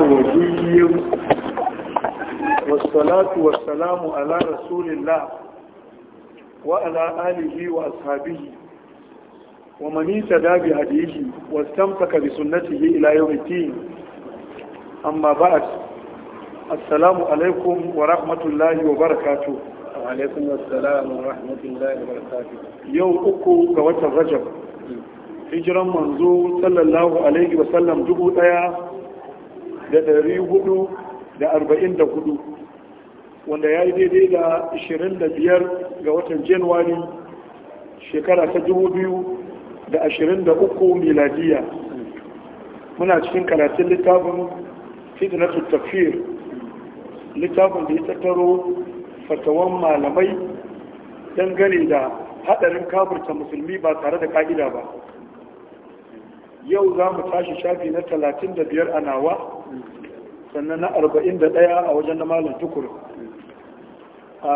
الرجيم والصلاة والسلام على رسول الله وعلى آله وأصحابه ومن يتدى بهديه واستمسك بسنته إلى يوم الدين أما بعد السلام عليكم ورحمة الله وبركاته وعليكم السلام ورحمة الله وبركاته يوم أكو قوة الرجب hijiran manzo sallallahu alaihi wasallam dubu daya da ɗari hudu da arba'in da hudu wanda ya yi daidai da ashirin da biyar ga watan januwari shekara ta dubu biyu da ashirin da uku miladiya muna cikin karatun littafin fitnatul tafiyar littafin da ya tattaro fatawan malamai dangane da hadarin kafirta musulmi ba tare da ka'ida ba yau za mu tashi shafi na talatin da biyar a nawa sannan na 41 a wajen na malin tukur a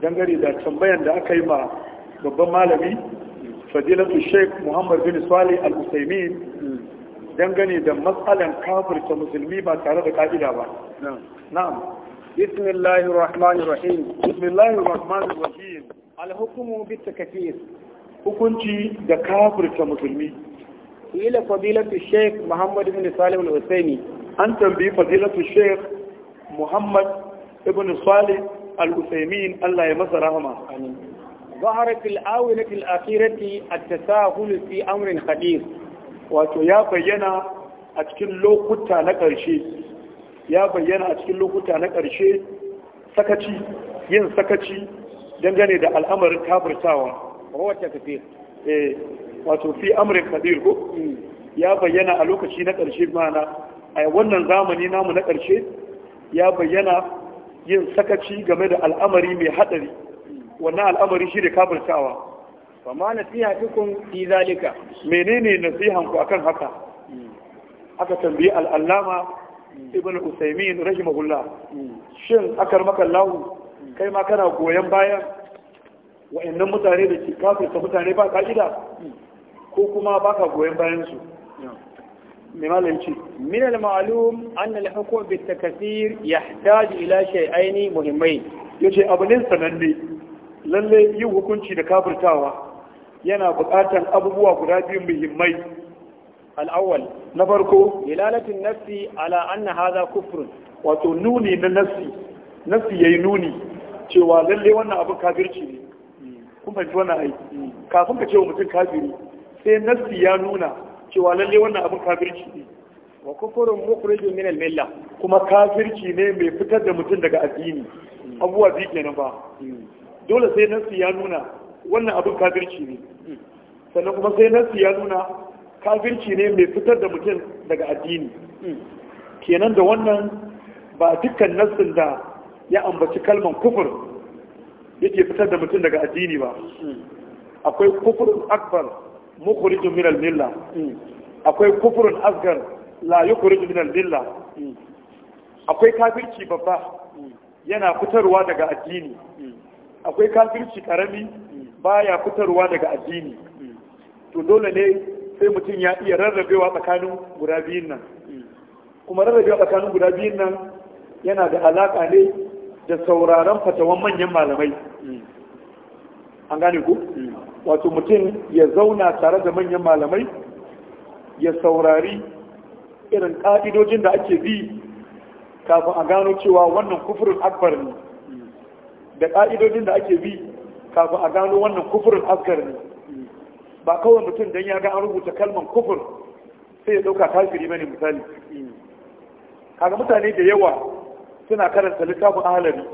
dangare da tambayan da aka yi ma babban malami fadilatu sheik muhammad bin swali al-usaimin dangane da matsalan kafirta musulmi ba tare da ka'ida ba na'am بسم الله الرحمن الرحيم بسم الله الرحمن الرحيم hukunci da kafirta musulmi ila fadilatu sheikh muhammad ibn salim al-usaimi an tambayi fadilatu sheikh muhammad ibn salim al-usaimin Allah ya masa rahama ظهر في الآونة الأخيرة التساهل في أمر خطير wato ya bayyana a cikin lokuta na ƙarshe ya bayyana a cikin lokuta na ƙarshe sakaci yin sakaci dangane da al'amarin kafirtawa rawar ta eh, wato fi amrin kadir ko hmm. ya bayyana a lokaci na ƙarshe mana a wannan zamani namu na ƙarshe ya bayyana yin sakaci game da al'amari mai haɗari wannan al'amari shi da kafirtawa fama nasiha tukun fi zalika menene nasihan ku akan haka hmm. aka tambayi al'allama hmm. ibn usaimin rahimahullah shin akar maka lahu kai ma kana goyon bayan wa'annan mutane da ke kafirta mutane ba ka'ida ko kuma baka goyon bayansu su mimalin ci min al-ma'lum anna al-hukm bi takathir yahtaj ila shay'ain muhimmai yace abu ne sananne lalle yin hukunci da kafirtawa yana buƙatar abubuwa guda biyu muhimmai al na farko ilalatin nafsi ala anna hadha kufrun wato nuni na nafsi nafsi yayi nuni cewa lalle wannan kun fahimci mm. kafin ka ce wa mutum kafiri sai nassi ya nuna cewa lalle wannan abin kafirci ne wa kufurun mukhrijun min al-milla kuma kafirci ne mai fitar da mutum daga addini hmm. abuwa bi kenan ba hmm. dole sai nassi ya nuna wannan abin kafirci ne hmm. sannan kuma sai nassi ya nuna kafirci ne mai fitar da mutum daga addini kenan da wannan ba dukkan nassin da ya ambaci kalman kufur yake fitar da mutum daga addini ba akwai kufurin akbar mukhrij min al milla akwai kufrun asgar la yukhrij min al milla akwai kafirci babba yana fitarwa daga addini akwai kafirci karami baya fitarwa daga addini to dole ne sai mutum ya iya rarrabewa tsakanin guda biyun nan kuma rarrabewa tsakanin guda biyun nan yana da alaƙa ne da sauraron fatawan manyan malamai an gane ku wato mutum ya zauna tare da manyan malamai ya saurari irin ƙa'idojin da ake bi kafin a gano cewa wannan kufurin akbar ne da ƙa'idojin da ake bi kafin a gano wannan kufurin akbar ne ba kawai mutum don ya ga an rubuta kalman kufur sai ya ɗauka kafiri mani misali kaga mutane da yawa suna karanta littafin ahalari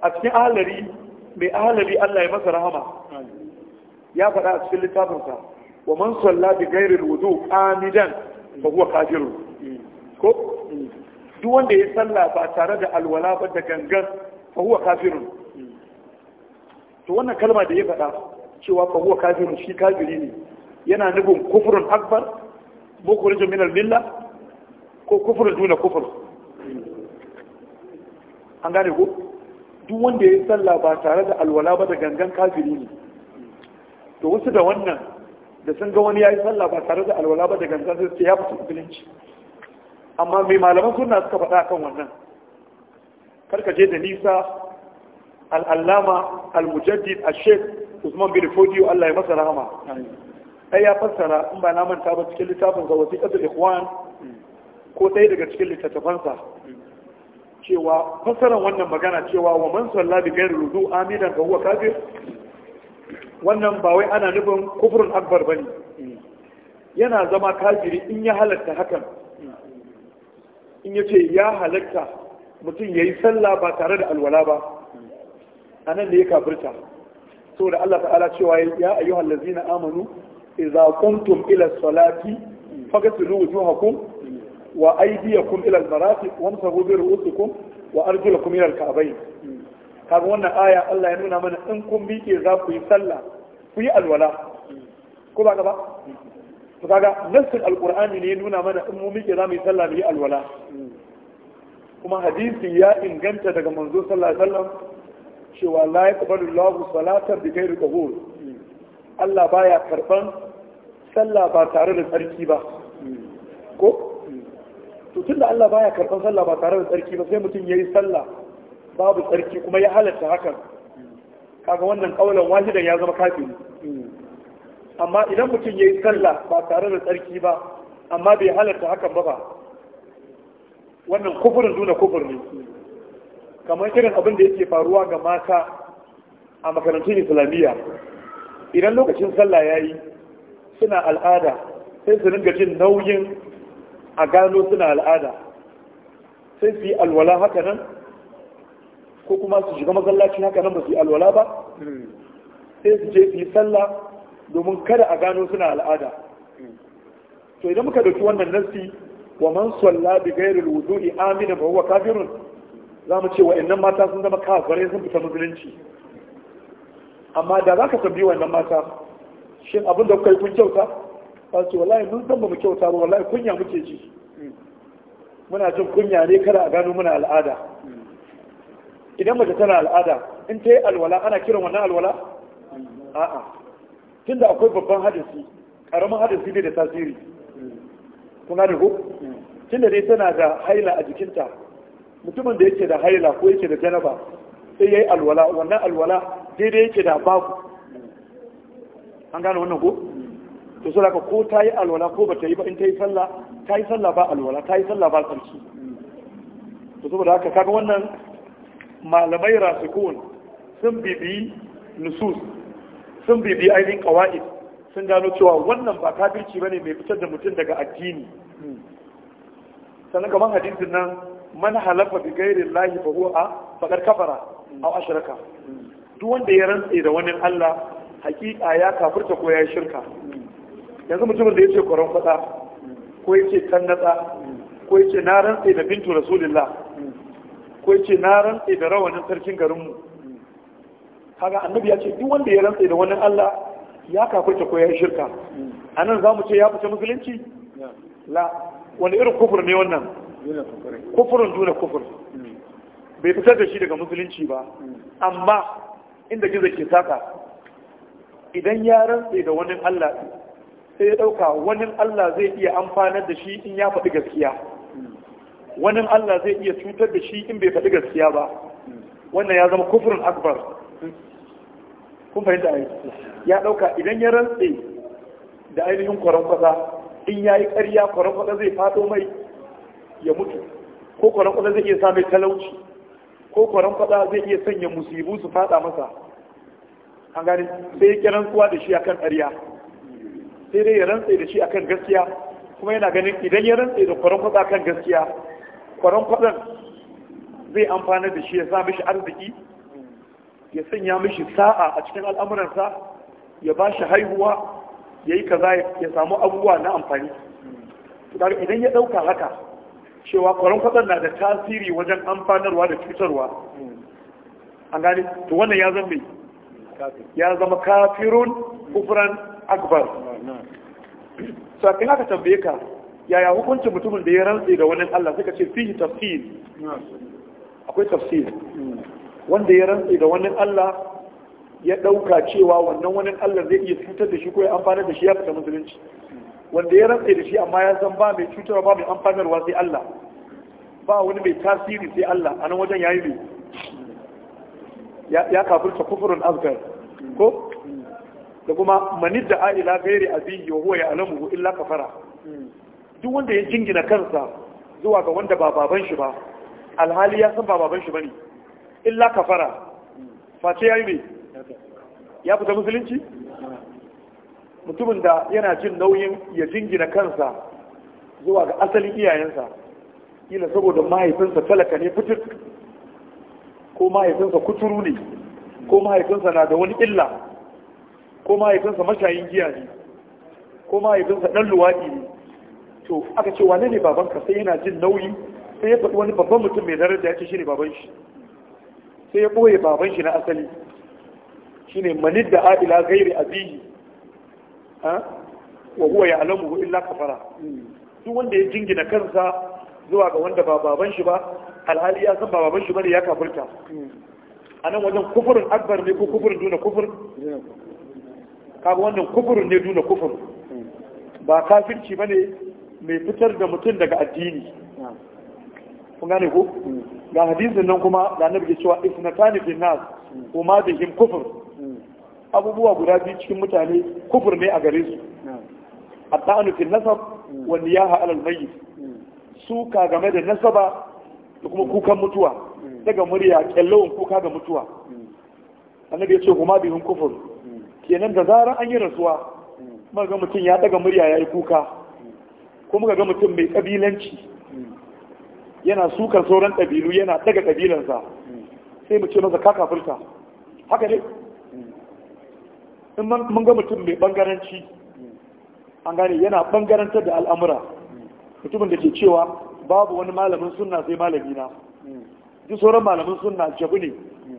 a cikin ahalari mai ahalabi Allah ya masa rahama ya faɗa a cikin littafinsa wa man salla bi wudu amidan fa huwa kafirun ko duk wanda ya salla ba tare da alwala ba da gangan fa huwa kafirun to wannan kalma da ya faɗa cewa fa huwa kafirun shi kafiri ne yana nufin kufrun akbar mukhrijun min al-milla ko kufrun duna kufr an gane ko duk wanda ya yi sallah ba tare da alwala ba da gangan kafiri ne to wasu da wannan da sun ga wani ya yi sallah ba tare da alwala ba da gangan sai su ya fi musulunci amma mai malaman suna suka faɗa kan wannan karka je da nisa al'allama al-mujaddid al-sheikh usman bin fodiyo Allah ya masa rahama ai ya fassara in ba na manta ba cikin littafin ga wasu ƙasar ikhwan ko ɗaya daga cikin littattafansa mm. cewa fasaran wannan magana cewa wa man salla bi ghairi rudu amidan fa huwa kafir wannan ba wai ana nufin kufrun akbar bane yana zama kafiri in ya halatta hakan in yace ya halatta mutum yayi sallah ba tare da alwala ba anan da ya kafirta saboda Allah ta'ala cewa ya ayyuhallazina amanu idza qumtum ila salati faghsilu wujuhakum wa aydiyakum ila al-marafiq wamsahu bi ru'usikum wa arjulakum ila al-ka'bayn kaga wannan aya Allah ya nuna mana in kun miƙe za ku yi sallah ku yi alwala ko ba ba to kaga nassin alqur'ani ne ya nuna mana in mu miƙe za mu yi sallah mu yi alwala kuma hadisi ya inganta daga manzo sallallahu alaihi wasallam cewa la yaqbalu Allahu salatan bi ghairi qabul Allah baya karban sallah ba tare da tsarki ba ko Mutum tunda Allah baya karɓar sallah ba tare da tsarki ba sai mutum ya yi sallah babu tsarki kuma ya halatta hakan kaga wannan kaulan wahidan ya zama kafiri amma idan mutum ya yi sallah ba tare da tsarki ba amma bai halatta hakan ba ba wannan kufurin duna kufur ne kamar irin abin da yake faruwa ga mata a makarantun islamiyya idan lokacin sallah ya yi suna al'ada sai su ringa jin nauyin a gano suna al'ada sai su yi alwala haka nan ko kuma su shiga masallaci haka nan ba su yi alwala ba sai su je su yi sallah domin kada a gano suna al'ada to idan muka dauki wannan nasi wa man salla bi ghairi alwudu'i amina fa huwa kafirun zamu ce wa'annan mata sun zama kafirai sun fita musulunci amma da zaka tambayi wannan mata shin abin da kuka yi kun kyauta ba ce wallahi mun san ba mu kyauta ba wallahi kunya muke ji muna jin kunya ne kada a gano muna al'ada idan mace tana al'ada in ta yi alwala ana kiran wannan alwala a'a tunda akwai babban hadisi karamin hadisi ne da tasiri kuna da ko tunda dai tana da haila a jikinta mutumin da yake da haila ko yake da janaba sai yayi alwala wannan alwala daidai yake da babu an gane wannan ko to sai ka ko ta yi alwala ko ba ta yi ba in ta yi sallah ta yi sallah ba alwala ta yi sallah ba tsarki to saboda haka kaga wannan malamai rasikun sun bibi nusus sun bibi ainihin qawaid sun gano cewa wannan ba kafirci bane mai fitar da mutum daga addini sannan kamar hadisin nan man halafa bi ghairi llahi fa huwa faqad kafara aw ashraka duk wanda ya rantse da wani Allah hakika ya kafirta ko ya shirka yanzu mutumin da ya ce kwaron kwatsa ko ya ce kan natsa ko ya ce na rantse da bintu rasulillah ko ya ce na rantse da rawanin sarkin garinmu kaga annabi ya ce duk wanda ya rantse da wannan Allah ya kafirta ko ya yi shirka a nan za mu ce ya fita musulunci la wani irin kufur ne wannan kufurin juna kufur bai fitar da shi daga musulunci ba amma inda gizo ke saka idan ya rantse da wani Allah sai ya ɗauka wani Allah zai iya amfanar da shi in ya faɗi gaskiya wani Allah zai iya cutar da shi in bai faɗi gaskiya ba wannan ya zama kufurin akbar kun fahimta ai ya ɗauka idan ya rantse da ainihin kwaron kwasa in ya yi ƙarya kwaron kwasa zai faɗo mai ya mutu ko kwaron kwasa zai iya sa mai talauci ko kwaron kwasa zai iya sanya musibu su faɗa masa an gani sai ya kiran kuwa da shi akan ƙarya sai dai ya rantse da shi akan gaskiya kuma yana ganin idan ya rantse da kwaron kwatsa kan gaskiya kwaron zai amfana da shi ya sa mishi arziki ya sanya mishi sa'a a cikin al'amuransa ya ba shi haihuwa ya yi kaza ya samu abubuwa na amfani idan ya ɗauka haka cewa kwaron na da tasiri wajen amfanarwa da cutarwa an gani to wannan ya zama zama kafirun kufran akbar sakin aka tambaye ka yaya hukuncin mutumin da ya rantsi da wani Allah suka ce fihi tafsir akwai tafsir wanda ya rantsi da wani Allah ya dauka cewa wannan wani Allah zai iya cutar da shi ko ya amfana da shi ya fita musulunci wanda ya rantsi da shi amma ya san ba mai cutarwa ba mai amfanarwa sai Allah ba wani mai tasiri sai Allah a nan wajen yayi ne ya kafirta kufurin azgar ko da kuma manid da ila gairi abihi wa huwa Alamu, illa kafara duk wanda ya jingina kansa zuwa ga wanda ba baban shi ba alhali ya san ba baban shi bane illa kafara face yayi ne ya fita musulunci mutumin da yana jin nauyin ya jingina kansa zuwa ga asalin iyayensa kila saboda mahaifinsa talaka ne fitir ko mahaifinsa kuturu ne ko mahaifinsa na da wani illa ko mahaifinsa mashayin giya ne ko mahaifinsa ɗan luwaɗi ne to aka ce wane ne babanka sai yana jin nauyi sai ya faɗi wani babban mutum mai daraja ya ce shi ne baban shi sai ya ɓoye baban shi na asali shi ne manid da abila gairi abihi wa huwa ya alamu illa kafara duk wanda ya jingina kansa zuwa ga wanda ba baban shi ba alhali ya san ba baban shi bane ya kafirta a nan wajen kufurin akbar ne ko kufurin duna kufur kaga wannan kufurin ne duna kufur ba kafirci ne mai fitar da mutum daga addini kun gane ko ga hadisin nan kuma da annabi ke cewa isnatani fil nas kuma bihim kufur abubuwa guda biyu cikin mutane kufur ne a gare su at-ta'anu fil nasab wa niyaha ala al-mayyit suka game da nasaba da kuma kukan mutuwa daga murya kallon kuka ga mutuwa annabi ya ce kuma bihin kufur kenan da zarar an yi rasuwa muka ga mutum ya daga murya ya yi kuka ko muka ga mutum mai kabilanci yana sukar sauran ɗabilu yana daga ɗabilansa sai mu ce masa kaka furta, haka ne in mun ga mutum mai ɓangaranci an gane yana ɓangarantar da al'amura mutumin da ke cewa babu wani malamin sunna sai malamina, duk sauran malamin sunna jabu ne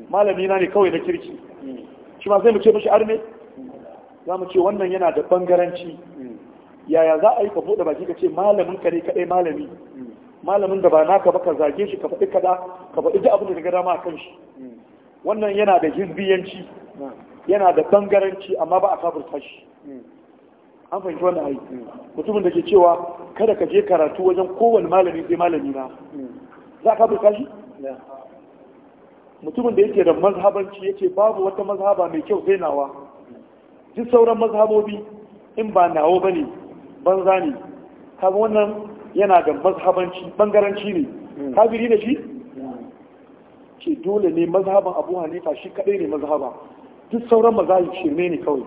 malamina ne kawai na kirki shi ma sai mu ce mishi arme za mu ce wannan yana da bangaranci yaya za a yi ka buɗe baki ka ce malamin ka ne kaɗai malami malamin da ba naka ba ka zage shi ka faɗi kaɗa ka faɗi duk abin da daga dama a kan shi wannan yana da hizbiyanci yana da bangaranci amma ba a kafurta shi an fahimci wannan aiki mutumin da ke cewa kada ka je karatu wajen kowane malami sai malami na za ka burka shi mutumin da yake da mazhabanci yake babu wata mazhaba mai kyau sai nawa duk sauran mazhabobi in ba nawo ba ne banza ne kaga wannan yana da mazhabanci bangaranci ne hmm. biri da shi ce dole ne mazhaban abu hanifa shi kadai ne mazhaba duk sauran mazhabi shirme ne kawai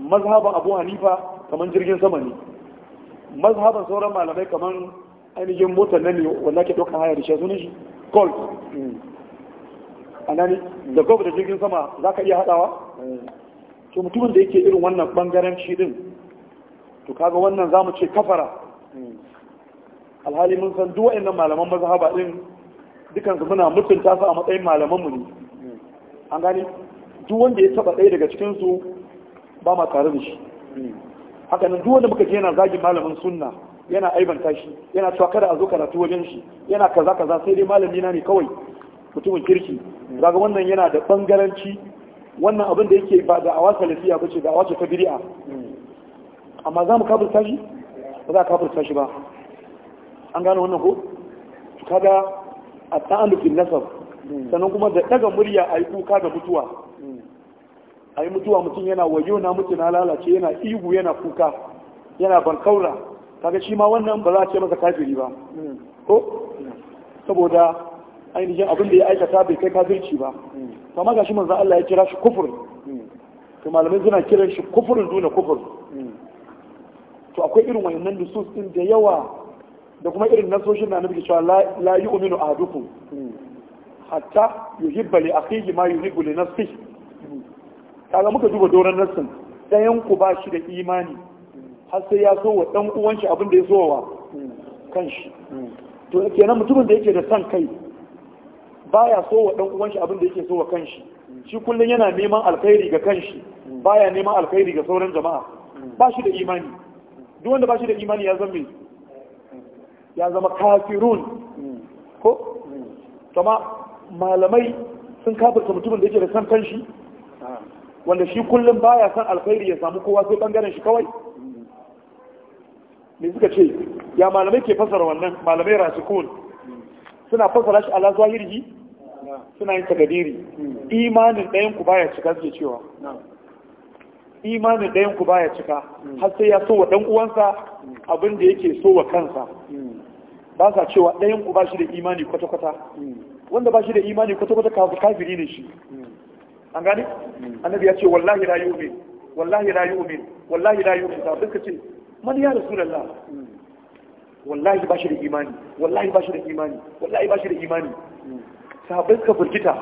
mazhaban abu hanifa kamar jirgin sama ne mazhaban sauran malamai kamar ainihin motar nan ne wanda ke ɗaukar haya da shi sunan shi golf hmm. a nan da hmm. golf da jirgin sama za ka iya haɗawa to mutumin da yake irin wannan bangaranci din to kaga wannan zamu ce kafara alhali mun san duwa wa'annan malaman mazhaba din su muna mutunta su a matsayin malaman mu ne an gane duk wanda ya taba ɗaya daga cikin su ba ma tare da shi haka nan duk wanda muka je yana zagi malamin sunna yana aibanta shi yana cewa kada a zo karatu wajen shi yana kaza kaza sai dai malami na ne kawai mutumin kirki zaga wannan yana da bangaranci wannan abin da yake ba da awa salafiya ba ce da awa ta biri'a amma za mu kafirta shi ba za a kafirta shi ba an gane wannan ko kaga a ta'allukin nasar sannan kuma da daga murya a yi kuka da mutuwa a yi mutuwa mutum yana wayo na mutu na lalace yana ihu yana kuka yana bankaura kaga shi ma wannan ba za a ce masa kafiri ba ko saboda ainihin abin da ya aikata bai kai kafirci ba to amma gashi manzo Allah ya kira shi kufur to malamai suna kiran shi kufurin duna kufur to akwai irin wayannan nusus din da yawa da kuma irin nasoshin da annabi cewa la yu'minu ahadukum hatta yuhibba li akhihi ma yuhibbu li nafsihi kaga muka duba doron nassin dayan ku ba shi da imani har sai ya so wa dan uwan shi abin da ya so wa kanshi to kenan mutumin da yake da son kai baya so wa dan uwan shi abin da yake so wa kanshi shi kullun yana neman alkhairi ga kanshi baya neman alkhairi ga sauran jama'a ba shi da imani duk wanda ba shi da imani ya zama ya zama kafirun ko kuma malamai sun kafirta mutumin da yake da san kanshi wanda shi kullum baya san alkhairi ya samu kowa sai bangaren shi kawai me suka ce ya malamai ke fasara wannan malamai rasikun suna fasara shi ala zahirhi suna yin tagadiri imanin ɗayan ku baya cika suke cewa imanin ɗayan ku baya cika har sai ya so wa ɗan uwansa abin da yake so wa kansa ba sa cewa ɗayan ku ba shi da imani kwata-kwata wanda ba shi da imani kwata-kwata kafiri ne shi an gani. annabi ya ce wallahi la yu'min wallahi la yu'min wallahi la yu'min ta duka ce man ya rasulullah wallahi ba shi da imani wallahi ba shi da imani wallahi ba shi da imani sahabbai suka firgita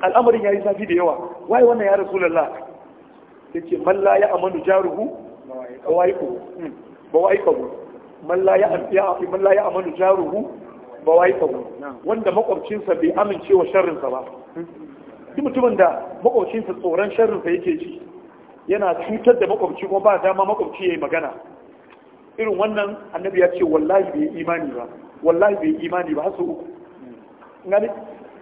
al'amarin yayi zafi da yawa wai wannan ya rasulullah yace malla ya amanu jaruhu bawaiqu bawaiqu man la ya'manu man la ya'manu jaruhu bawaiqu hmm, wanda makwabcinsa bai amince wa sharrinsa ba hmm. duk mutumin da makwabcinsa tsoron sharrinsa yake ji yana cutar da makwabci kuma ba dama makwabci yayi magana irin wannan annabi ya ce wallahi bai imani ba wallahi bai imani ba hasu uku ngani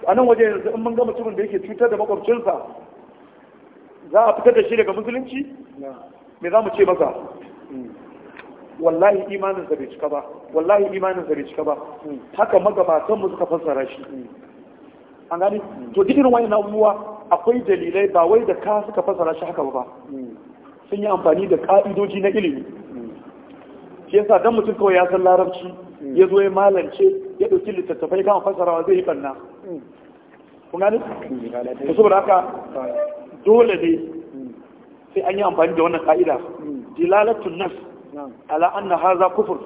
a nan waje yanzu in mun ga mutumin da yake cutar da makwabcinsa za a fitar da shi daga musulunci me za mu ce maza hmm. wallahi imanin sa bai cika ba wallahi imanin sa bai cika ba hmm. haka magabatan mu suka fassara shi hmm. an gani to duk irin wayannan abubuwa akwai dalilai ba wai da ka suka fassara shi haka ba sun yi amfani da ka'idoji na ilimi shi yasa dan mutum kawai ya san larabci ya zo ya malance ya ɗauki littattafai kan fasarawa zai yi banna kun gani to saboda haka dole ne sai an yi amfani da wannan ka'ida dilalatun nas ala anna haza kufur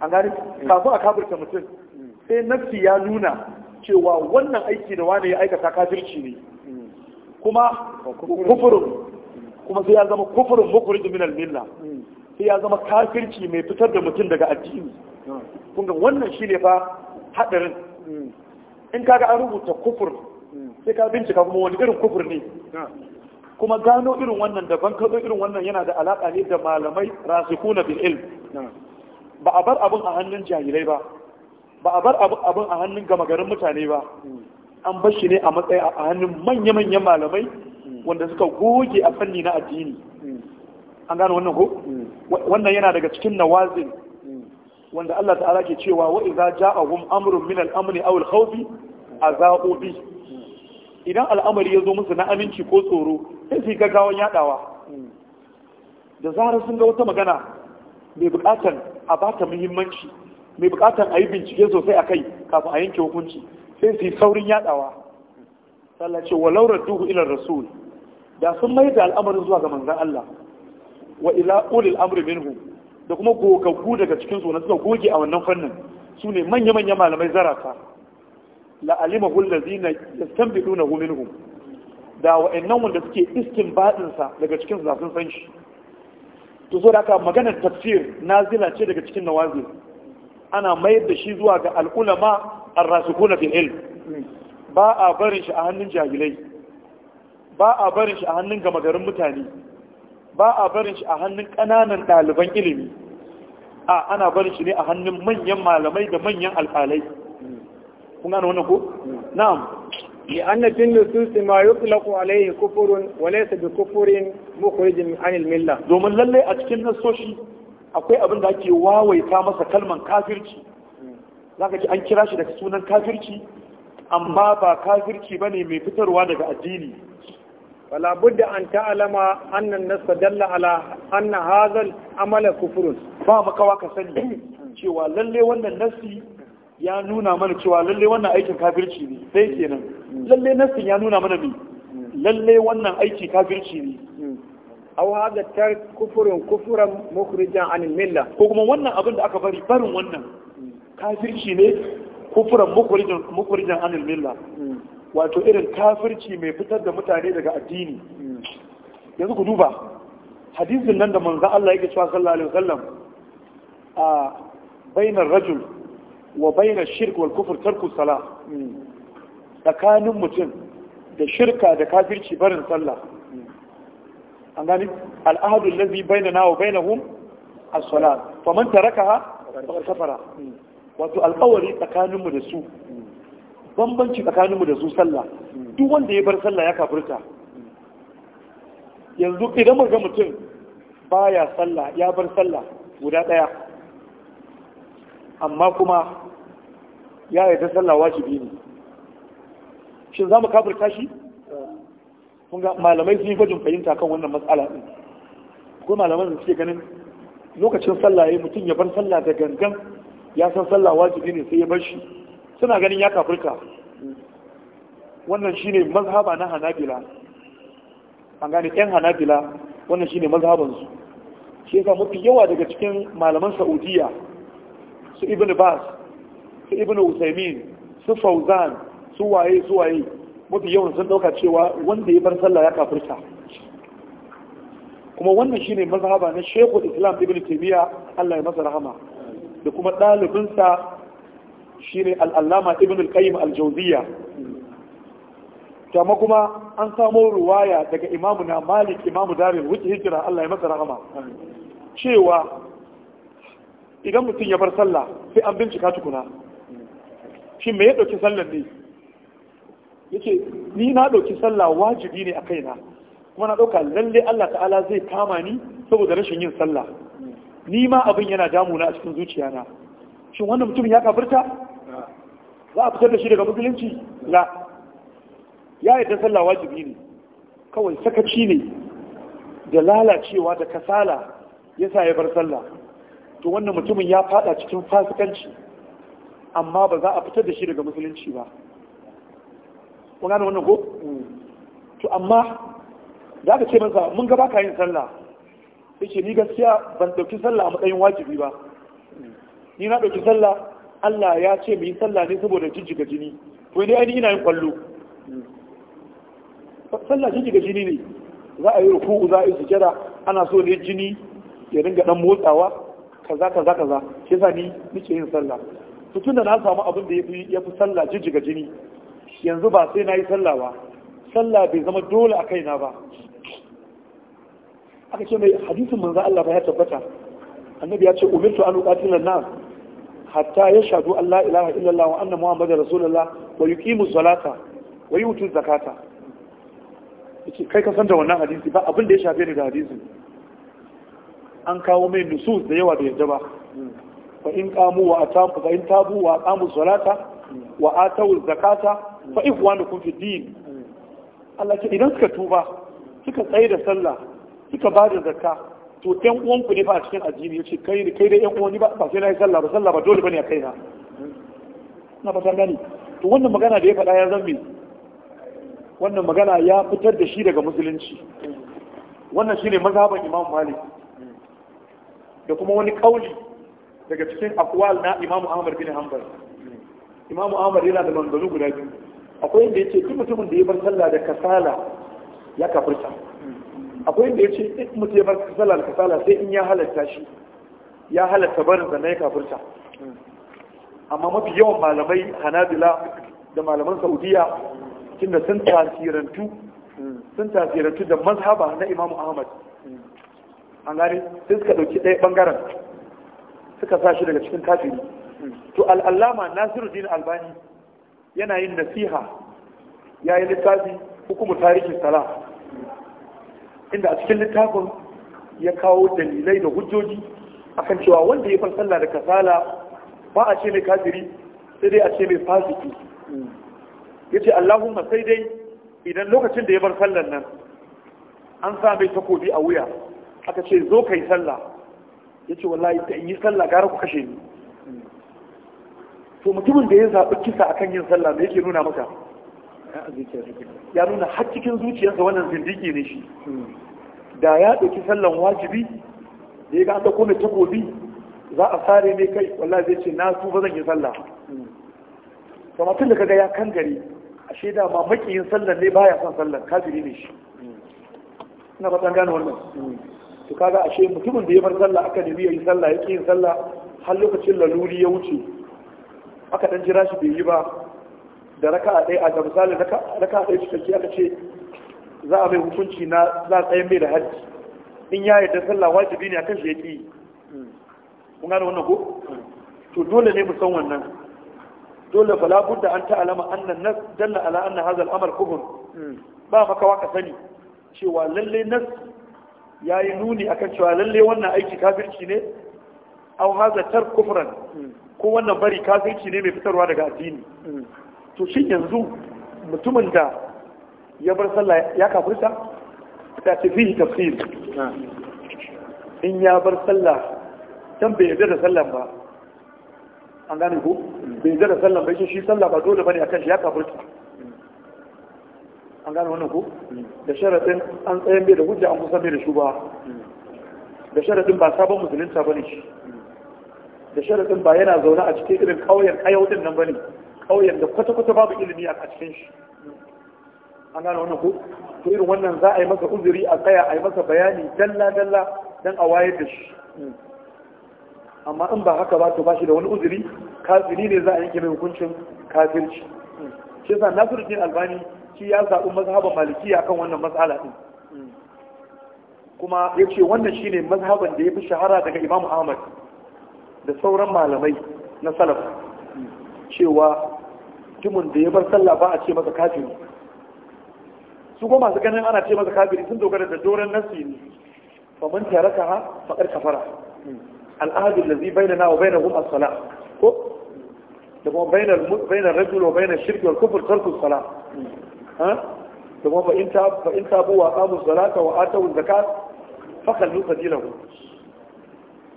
an gani kafin a kafirta mutum sai nafsi ya nuna cewa wannan aiki da wani ya aikata kafirci ne kuma kufurin kuma sai ya zama kufurin mukurin min al-milla sai ya zama kafirci mai fitar da mutum daga addini Kunga wannan shi ne fa haɗarin. in kaga an rubuta kufur sai ka bincika kuma wani irin kufur ne kuma gano irin wannan daban kazo irin wannan yana da alaka ne da malamai rasikuna bil ilm ba a bar abun a hannun jahilai ba ba a bar abun a hannun gama garin mutane ba an bar shi ne a matsayi a hannun manya-manyan malamai wanda suka goge a fanni na addini an gano wannan ko hmm. wannan yana daga cikin nawazin hmm. wanda Allah ta'ala ke cewa wa idza ja'ahum amrun min al-amni aw al khawf aza'u bi hmm. idan al'amari ya zo musu na aminci ko tsoro sai su gaggawan yadawa da zarar sun ga wata magana mai bukatar a bata muhimmanci mai bukatar a yi bincike sosai akai kafin a yanke hukunci sai su saurin yadawa Sallace wa laurar duhu ilar rasul da sun mai da al'amarin zuwa ga manzan Allah wa ila ulil amri minhu da kuma gogaggu daga cikin su suka goge a wannan fannin sune ne manya-manya malamai zarata la alima hullazi na yastanbidu na hu minhum da wa'annan wanda suke iskin baɗinsa daga cikin su sun san shi to so da aka maganar tafsir nazila ce daga cikin nawazi. ana mayar da shi zuwa ga al'ulama ar-rasikuna fil ilm ba a barin shi a hannun jahilai ba a barin shi a hannun gama garin mutane ba a barin shi a hannun ƙananan ɗaliban ilimi a ana barin shi ne a hannun manyan malamai da manyan alƙalai kun gano wannan ko na'am li na fil nusus ma yutlaqu alayhi kufrun wale su bi kufurin mukurijin anil milla domin lalle a cikin nasoshi akwai abin da ake wawaita masa kalman kafirci ka ji an kira shi daga sunan kafirci amma ba kafirci ba ne mai fitarwa daga addini فلا بد أن تعلم أن النص دل على أن هذا العمل كفر فما كواك سني cewa lalle wannan nasi ya nuna mana cewa lalle wannan aikin kafirci ne sai ya nuna mana ne lalle wannan aiki kafirci ne aw hada tar kufurin kufuran mukhrijan anil ko kuma wannan abin da aka bari barin wannan kafirci ne kufuran mukhrijan mukhrijan wato irin kafirci mai fitar da mutane daga addini yanzu ku duba hadisin nan da manzo Allah yake cewa sallallahu alaihi wasallam a baina rajul wa baina shirk wal kufr tarku salah tsakanin mutum da shirka da kafirci barin sallah an gani al'ahadu allazi bainana wa bainahum as-salat faman tarakaha faqad kafara wato alƙawari tsakaninmu da su bambanci tsakaninmu da su sallah duk wanda ya bar sallah ya kafirta yanzu idan ga mutum baya sallah ya bar sallah guda ɗaya amma kuma ya yarda sallah wajibi ne shin za mu kafirta shi kun ga malamai sun yi gwajin fahimta kan wannan matsala ɗin ko malaman da suke ganin lokacin sallah ya mutum ya bar sallah da gangan ya san sallah wajibi ne sai ya bar shi suna ganin ya kafirta wannan shine mazhaba na hanabila an gane yan hanabila wannan shine mazhabansu. shi yasa mafi yawa daga cikin malaman saudiya su ibn bas su ibn usaimin su fauzan su waye su waye mafi yawan sun dauka cewa wanda ya bar sallah ya kafirta kuma wannan shine mazhaba na shekul islam ibn taymiya Allah ya masa rahama da kuma ɗalibinsa shine al-allama ibn al-qayyim al-jawziyya to kuma an samo ruwaya daga imamu na malik imamu daril wuce hijira Allah ya masa rahama cewa idan mutum ya bar sallah sai an bincika tukuna shi me ya ɗauki sallar ne yace ni na ɗauki sallah wajibi ne a kaina kuma na ɗauka lalle Allah ta'ala zai kama ni saboda rashin yin sallah ni ma abin yana damuna a cikin zuciyana shin wannan mutumin ya kafirta za a fitar da shi daga musulunci la ya yadda sallah wajibi ne kawai sakaci ne da lalacewa da kasala ya sa ya bar sallah to wannan mutumin ya fada cikin fasikanci amma ba za a fitar da shi daga musulunci ba kun gane wannan ko to amma da aka ce masa mun gaba ka yin sallah sai ce ni gaskiya ban dauki sallah a matsayin wajibi ba ni na ɗauki sallah Allah ya ce mu yi sallah ne saboda jijjiga jini to ni ina yin kwallo sallah jijjiga jini ne za a yi ruku za a yi sujada ana so ne jini ya dinga dan motsawa kaza kaza kaza shi yasa ni nake yin sallah to tunda na samu abin da ya fi sallah jijjiga jini yanzu ba sai na yi sallah ba sallah bai zama dole a kai na ba aka ce mai hadisin manzo Allah ba ya tabbata annabi ya ce umirtu an na nas hatta ya shaɗu Allah ilaha illallah wa annan Muhammad da Rasulullah wa yi ƙimu zalata wa yi wutun zakata kai ka san da wannan hadisi ba abin da ya shafe ni da hadisin an kawo mai nusu da yawa da yadda ba fa in qamu wa atabu fa in tabu wa qamu salata wa atawul zakata fa ikhwanukum fi din Allah ce idan suka tuba suka tsaye da sallah suka ba da zakka to ɗan uwanku ne fa a cikin addini yace kai kai da ɗan uwan ni ba sai na yi sallah ba sallah ba dole bane a kai na ba san gani to wannan magana da ya faɗa ya zambe wannan magana ya fitar da shi daga musulunci wannan shine mazhaban Imam Malik da kuma wani kauli daga cikin akwal na Imam Ahmad bin Hanbal Imam Ahmad yana da manzalu guda biyu akwai inda yace duk mutumin da ya bar sallah da kasala ya kafirta akwai da ya ce in mutum ya bar kasala kasala sai in ya halatta shi ya halatta barin sannan ya kafirta amma mafi yawan malamai hanabila da malaman saudiya tunda sun tasirantu sun tasirantu da mazhaba na imamu ahmad an gane sai suka ɗauki ɗaya bangaren suka sa shi daga cikin kafiri to al'allama nasiruddin albani yana yin nasiha ya yi littafi hukumu tarihin salah inda a cikin littafin ya kawo dalilai da hujjoji akan cewa wanda ya bar sallah da kasala ba a ce mai kafiri sai dai a ce mai fasiki Ya ce, Allahumma sai dai idan lokacin da ya bar sallar nan an sa takobi a wuya aka ce zo kai sallah ce, wallahi da in yi sallah gara ku kashe ni to mutumin da ya zaɓi kisa akan yin sallah da yake nuna maka ya nuna har cikin zuciyarsa wannan zindiki ne shi da ya ɗauki sallan wajibi da ya ga an ɗauko mai takobi za a sare ne kai wallah zai ce na tuba zan yi sallah kuma tun da kaga ya gari, ashe da ma makiyin sallan ne baya son sallan kafiri ne shi ina ba gane wannan to kaga ashe mutumin da ya bar sallah aka nemi yayi sallah yake yin sallah har lokacin laluri ya wuce aka dan jira shi bai yi ba da raka a ɗaya a misali raka a ɗaya cikakki aka ce za a mai hukunci na za a tsayin mai da hajji in ya da sallah wajibi ne akan shi ya ƙi kun gane wannan ko to dole ne mu san wannan dole fa labudda an ta'alama annan nas dalla ala anna hadha al-amr kufr ba makawa ka sani cewa lalle nas yayi nuni akan cewa lalle wannan aiki kafirci ne aw hadha tar kufran ko wannan bari kafirci ne mai fitarwa daga addini to shi yanzu mutumin da ya bar sallah ya kafirta ta ce fi tafsir in ya bar sallah can bai yarda da sallah ba an gane ko bai yarda da sallah ba shi shi sallah ba dole bane akan shi ya kafirta an gane wannan ko da sharaɗin an tsayan bai da hujja an kusa bai da shuba da sharaɗin ba sabon musulunta bane shi da sharaɗin ba yana zaune a cikin irin ƙauyen ayau din nan bane ƙauyen da kwata-kwata babu ilimi a cikin shi an gane wannan ko to irin wannan za a yi masa uzuri a tsaya a yi masa bayani dalla-dalla don a wayar da shi amma in ba haka ba to ba shi da wani uzuri kafiri ne za a yanke mai hukuncin kafirci shi yasa nasiruddin albani shi ya zaɓi mazhaban malikiya akan wannan matsala din kuma ya ce wannan shine mazhaban da ya fi shahara daga imam ahmad da sauran malamai na salaf cewa mutumin da ya bar sallah ba a ce masa kafiri su kuma masu ganin ana ce masa kafiri sun dogara da doron nasi ne fa man taraka ha faqad kafara al'ahdu allazi bainana wa bainahum as-salah ko da kuma bainal bainal rajul wa bainal shirk wal kufr tarku as-salah ha da kuma fa in ta fa in ta buwa qamu salata wa atu zakat fa khallu sabilahu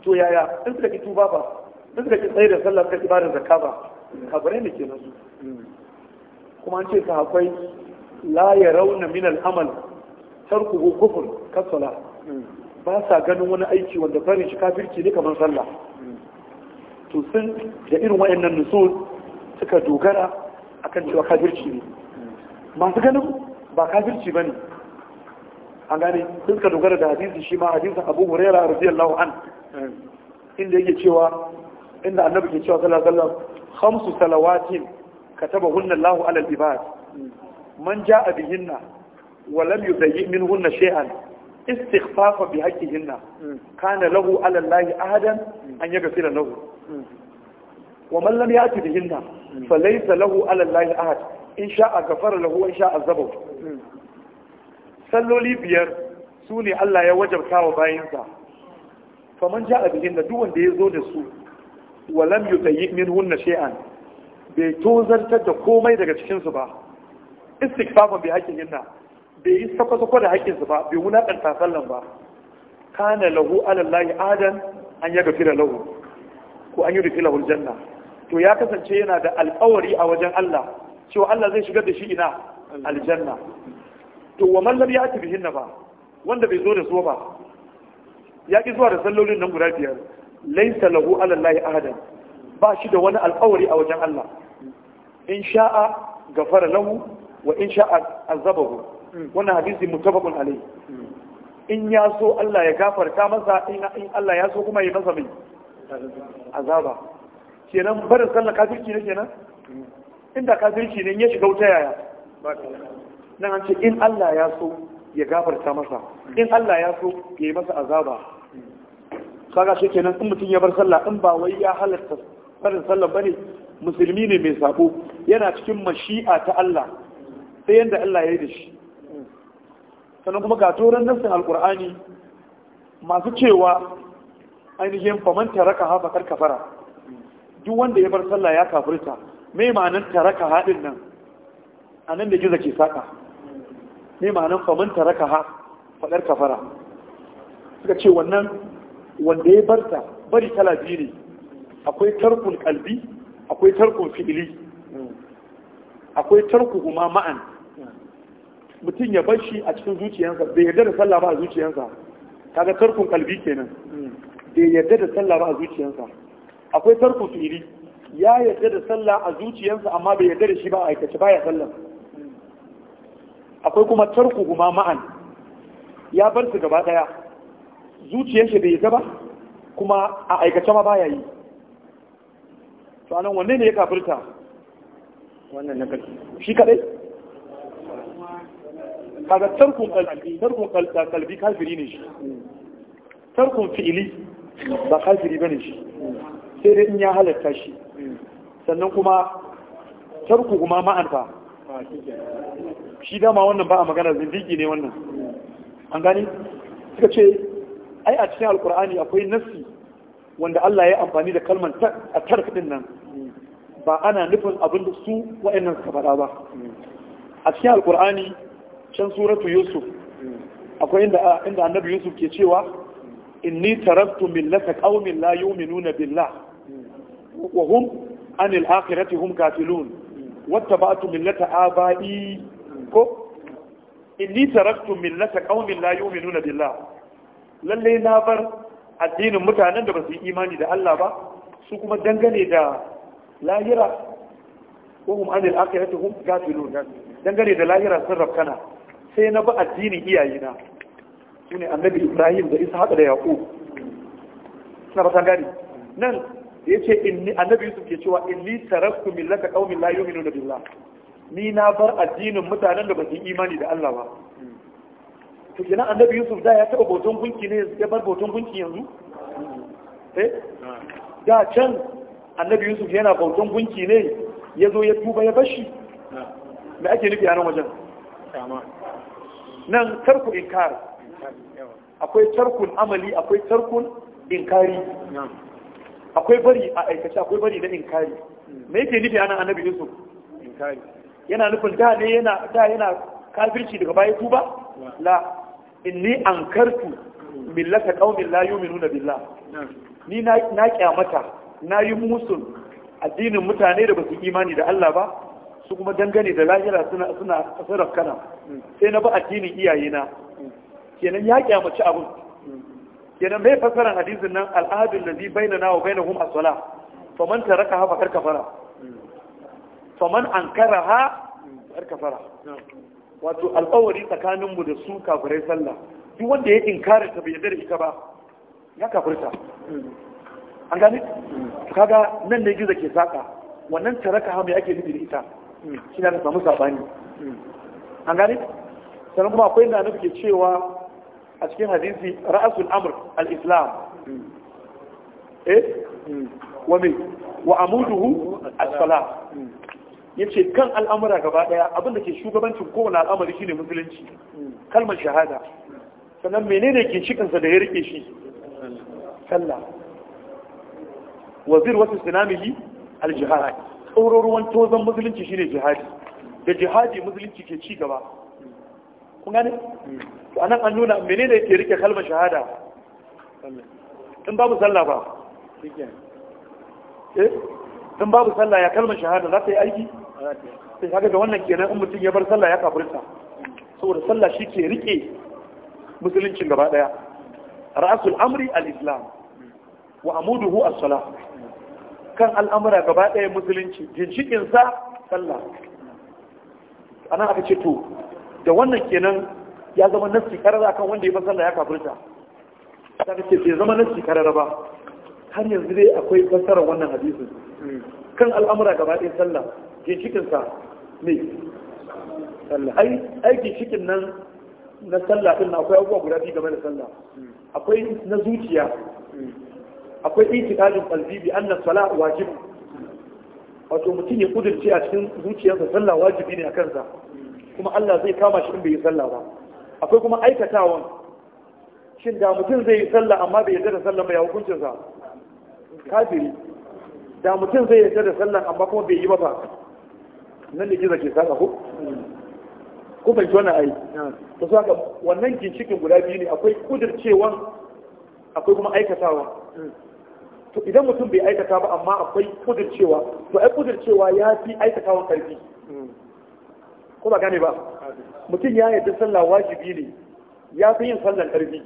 to yaya in suka ki tuba ba in suka ki tsaye da sallah suka ki ba da zakka ba kabarai ne kenan su kuma an ce ta akwai la ya rauna min al'amal tarkuhu kufur kasala ba sa ganin wani aiki wanda farin shi kafirci ne kamar sallah to sun da irin wayannan nusul suka dogara akan cewa kafirci ne masu ganin ba kafirci bane an gane sun ka dogara da hadisi shi ma hadisin Abu Hurairah radiyallahu an eh. inda yake cewa inda annabi ke cewa sallallahu alaihi wasallam khamsu salawatin katabahunna Allahu ala al-ibad man jaa bihinna wa lam yudayyi minhunna shay'an istighfafa bi hinna. kana lahu ala Allahi ahadan an yaghfira lahu wa man lam ya'ti bihinna falaysa lahu ala Allahi ahad in sha'a ghafara lahu wa in sha'a azabahu salloli biyar su ne Allah ya wajabta wa bayinsa faman ja'a bihinna duk wanda ya zo da su wa yi min hunna shay'an bai tozartar da komai daga cikin su ba istighfafan bi haqqihinna bai yi sako da haƙƙinsu ba bai wulaƙanta sallan ba kana lahu alallahi adan an yaga gafira lahu ko an yi rufi lahul janna to ya kasance yana da alƙawari a wajen Allah cewa Allah zai shigar da shi ina aljanna to wa man lam ya'ti bihinna ba wanda bai zo da su ba ya ki zuwa da sallolin nan guda biyar laisa lahu ala Allah ahadan ba shi da wani alƙawari a wajen Allah in sha'a gafara lahu wa in sha'a azabahu wannan hadisi mutabaqun alayhi in ya so Allah ya gafarta masa in Allah ya so kuma ya masa mai azaba kenan barin sallar kafirci ne kenan inda kafirci ne ya shiga wuta yaya nan an ce in Allah ya so ya gafarta masa in Allah ya so ya yi masa azaba saka shi kenan in mutum ya bar sallah in ba wai ya halarta barin sallah bane musulmi ne mai sako yana cikin mashi'a ta Allah sai yanda Allah ya yi da shi sannan kuma ga turan nassin alkur'ani masu cewa ainihin faman taraka ha bakar kafara duk wanda ya bar sallah ya kafirta me ma'anar taraka haɗin nan a da gizo ke saka me ma'anar faman taraka ha faɗar kafara suka ce wannan wanda ya barta bari kala biyu ne akwai tarkun kalbi akwai tarkun fi'ili akwai tarku kuma ma'an mutum ya bar shi a cikin zuciyarsa bai yarda da sallah ba a zuciyarsa kaga tarkun kalbi kenan bai yarda da sallah ba a zuciyarsa akwai tarkun fi'ili ya yarda da sallah a zuciyarsa amma bai yarda da shi ba a aikace baya sallah akwai kuma tarku kuma ma'an ya bar su gaba daya zuciyarsa bai yi ba kuma a aikace ma baya yi to anan wanne ne ya kafirta wannan na karshe shi kadai kaga tarkun kalbi tarkun kalbi kafiri ne shi tarkun fi'ili ba kafiri bane shi sai dai in ya halatta shi sannan kuma tarku kuma ma'anta shi dama wannan ba a magana zindigi ne wannan an gani suka ce ai a cikin alkur'ani akwai nassi wanda Allah ya amfani da kalmar a tarfin nan ba ana nufin abin da su wa'annan suka faɗa ba a cikin alkur'ani can suratu yusuf akwai inda annabi yusuf ke cewa inni taraktu millata qaumin la yu'minuna billah wa hum anil akhirati hum kafilun wattaba'tu millata aba'i ko inni taraktu millata qaumin la yu'minuna billah lalle na bar addinin mutanen da ba su yi imani da Allah ba su kuma dangane da lahira ko hum anil akhirati hum gafilun dangane da lahira sun rafkana sai na bi addinin iyayena shine annabi Ibrahim da Ishaq da Yaqub na ba gani nan yace inni annabi Yusuf ke cewa inni taraktu millata qaumin la yu'minuna billah ni na bar addinin mutanen da ba su yi imani da Allah ba to kenan annabi yusuf da ya taba boton gunki ne ya bar boton gunki yanzu eh da can annabi yusuf yana boton gunki ne ya zo ya tuba ya bashi me ake nufi a nan wajen nan tarkun inkar akwai tarkun amali akwai tarkun inkari akwai bari a aikace akwai bari na inkari hmm. me yake nufi anan annabi yusuf inkari yana nufin da ne yana da yana kafirci daga baya tuba la inni ankartu millata qaumin la yu'minuna billah ni na kyamata na yi musul addinin mutane da basu imani da Allah ba su kuma dangane da lahira suna suna sarraf kana sai na ba addinin iyayena kenan ya kyamaci abun kenan mai fasaran hadisin nan al'adun ladhi bainana wa bainahum as-salah faman tarakaha faqad kafara faman ankaraha faqad kafara wato alƙawari tsakaninmu da su kafirai sallah duk wanda ya inkara ta bai yadda da ita ba ya kafirta an gani mm. kaga nan ne gizo ke saka wannan taraka ha mai ake nufi da ita mm. shi na samu sabani mm. an gani sannan kuma akwai na nufi cewa a cikin hadisi ra'asul amr al-islam eh wa mai wa amuduhu as-salat ya ce kan al'amura gaba ɗaya abinda ke shugabancin kowane al'amari shine musulunci kalmar shahada sannan menene ginshikinsa da ya rike shi sallah wazir wasu sinamihi aljihad tsoro ruwan tozon musulunci shine jihadi da jihadi musulunci ke ci gaba kun gane to anan an nuna menene ke rike kalmar shahada in babu sallah ba eh? in babu sallah ya kalmar shahada za ta yi aiki sai kaga da wannan kenan in mutum ya bar sallah ya kafirta saboda sallah shi ke rike musuluncin gaba daya ra'asul amri al-islam wa amuduhu as-salah kan al'amura gaba daya musulunci ginshikin sa sallah ana aka ce to da wannan kenan ya zama nassi karara kan wanda ya bar sallah ya kafirta ta ce bai zama nassi karara ba har yanzu dai akwai fassarar wannan hadisin kan al'amura gaba daya sallah ginshikinsa ne Aikin cikin nan na sallah din akwai abubuwa guda biyu game da sallah akwai na zuciya akwai itikadin qalbi an na sala wajib wato mutum ya kudurce a cikin zuciyarsa sallah wajibi ne a kansa kuma Allah zai kama shi in bai yi sallah ba akwai kuma aikatawan shin da mutum zai yi sallah amma bai yarda da sallah mai hukuncinsa kafiri da mutum zai yarda da sallah amma kuma bai yi ba ba nan da gizo ke saka ko ko bai wannan ai to saka wannan ginshikin guda biyu ne akwai kudircewan akwai kuma aikatawa mm. to idan mutum bai aikata ba amma akwai kudircewa to ai kudircewa ya fi aikatawan karfi mm. ko ba gane ba mutum ya yarda sallah wajibi ne ya fi yin sallan karfi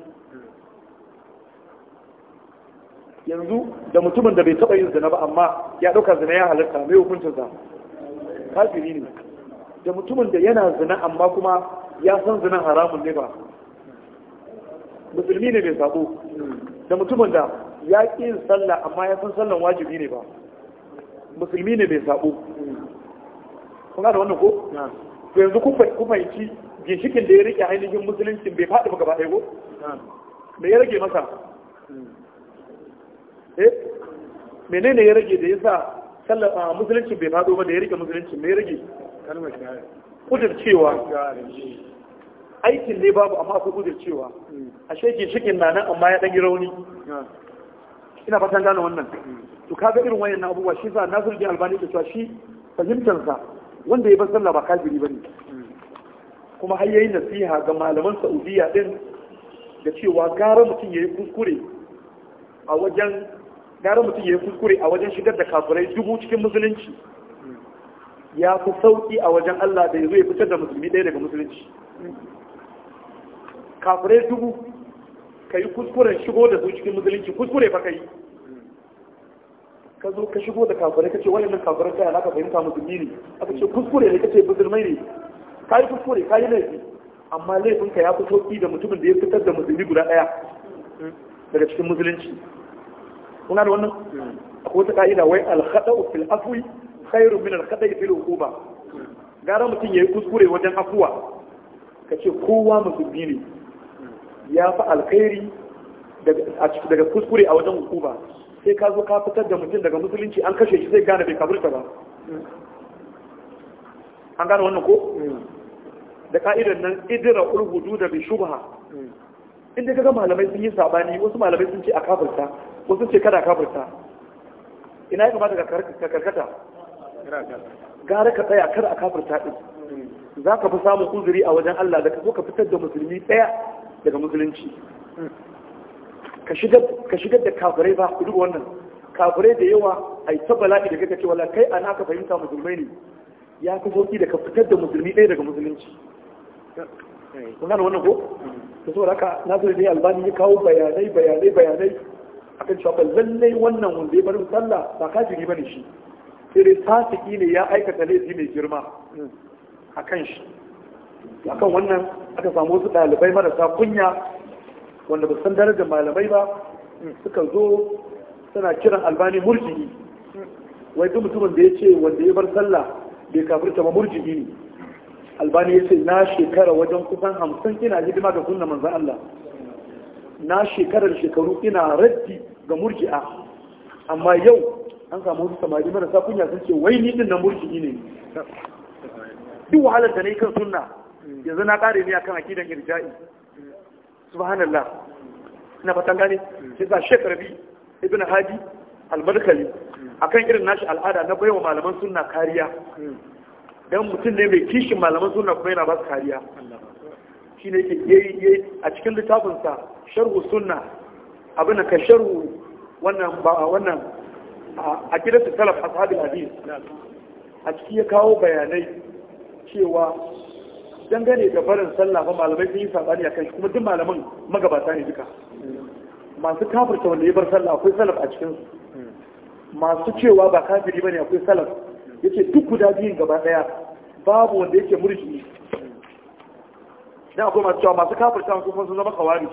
yanzu da mutumin da bai taɓa yin zina ba amma ya ɗauka zina ya halatta mai hukuncin sa kafiri ne da mutumin da yana zina amma kuma ya san zina haramun ne ba musulmi ne mai sabo da mutumin da ya ƙi yin sallah amma ya san sallan wajibi ne ba musulmi ne mai sabo kun da wannan ko to yanzu kun fahimci ginshikin da ya rike ainihin musuluncin bai faɗi ba gaba ɗaya ko me ya rage masa hmm. eh menene ya rage da ya sa musulunci bai fado ba da ya rike musulunci mai rage cewa aikin ne babu amma akwai kudur cewa hmm. a shekin shikin na nan amma ya ɗan rauni ina fatan gane wannan hmm. to kaga irin na abubuwa shi sa nasiru bin albani ke cewa shi fahimtarsa wanda ya bar sallah ba kafiri ne. Hmm. kuma har yayi nasiha ga malaman sa'udiyya din da cewa gara mutum ya yi kuskure a wajen gara mutum ya yi kuskure a wajen shigar da kafirai dubu cikin musulunci ya fi sauƙi a wajen Allah da ya zo ya fitar da musulmi ɗaya daga musulunci kafirai dubu ka yi kuskuren shigo da su cikin musulunci kuskure ba ka yi ka zo ka shigo da kafirai ka ce nan kafirai kai alaka fahimta musulmi ne aka ce kuskure ne ka ce musulmai ne ka yi kuskure ka yi laifi amma laifinka ya fi sauƙi da mutumin da ya fitar da musulmi guda ɗaya daga cikin musulunci kuna da wannan akwai ta ka'ida wai alkhada'u fil afwi khairu min alkhada'i fil hukuma gara mutum yayi kuskure wajen afuwa kace kowa musulmi ne ya fa alkhairi daga kuskure a wajen hukuma sai ka zo ka fitar da mutum daga musulunci an kashe shi sai gane bai kaburta ba an gane wannan ko da ka'idar nan idira ul da bi shubha hmm. inda kaga malamai sun yi sabani wasu malamai sun ce a kafirta wasu ce kada kafirta ina ya kamata ka karkata gara ka tsaya kar a kafirta din za ka fi samun uzuri a wajen Allah da ka zo ka fitar da musulmi tsaya daga musulunci ka shigar da kafirai ba ku wannan kafirai da yawa a yi ta da kaka cewa kai a ka fahimta musulmai ne ya fi sauki da ka fitar da musulmi ɗaya daga musulunci kun gane wannan ko? Mm-hmm. ta saboda haka nasiru dai albani ya kawo bayanai bayanai bayanai akan cewa ba lalle wannan wanda ya bari sallah ba kafiri bane shi sai dai fasiki ne ya aikata laifi mai girma akan shi akan wannan aka samu wasu ɗalibai marasa kunya wanda ba san darajar malamai ba suka zo suna kiran albani murjini wai duk mutumin da ya ce wanda ya bar sallah bai kafirta ba murjini ne albani ya ce na shekara wajen kusan hamsin ina hidima ga kunna manzan Allah na shekarar shekaru ina raddi ga a amma yau an samu wasu samari marasa kunya sun ce wai ni na murki ne duk wahalar da na yi kan sunna yanzu na kare ne akan akidan irja'i subhanallah ina fatan gane sai ga Sheikh Rabi Ibn Hadi al A akan irin nashi al'ada na baiwa malaman sunna kariya dan mutum ne mai kishin malaman sunna kuma yana ba su kariya shine yake yayi a cikin littafinsa sa suna. Sunna abin da kan sharhu wannan ba wannan a gidan talaf ashabul hadis a ciki ya kawo bayanai cewa dangane da barin sallah ba malamai sun yi sabani akan shi kuma duk malaman magabata ne duka masu kafirta wanda ya bar sallah akwai salaf a cikin masu cewa ba kafiri bane akwai salaf yace duk guda biyun gaba daya babu wanda yake murji dan akwai masu cewa masu kafirta sun zama kawari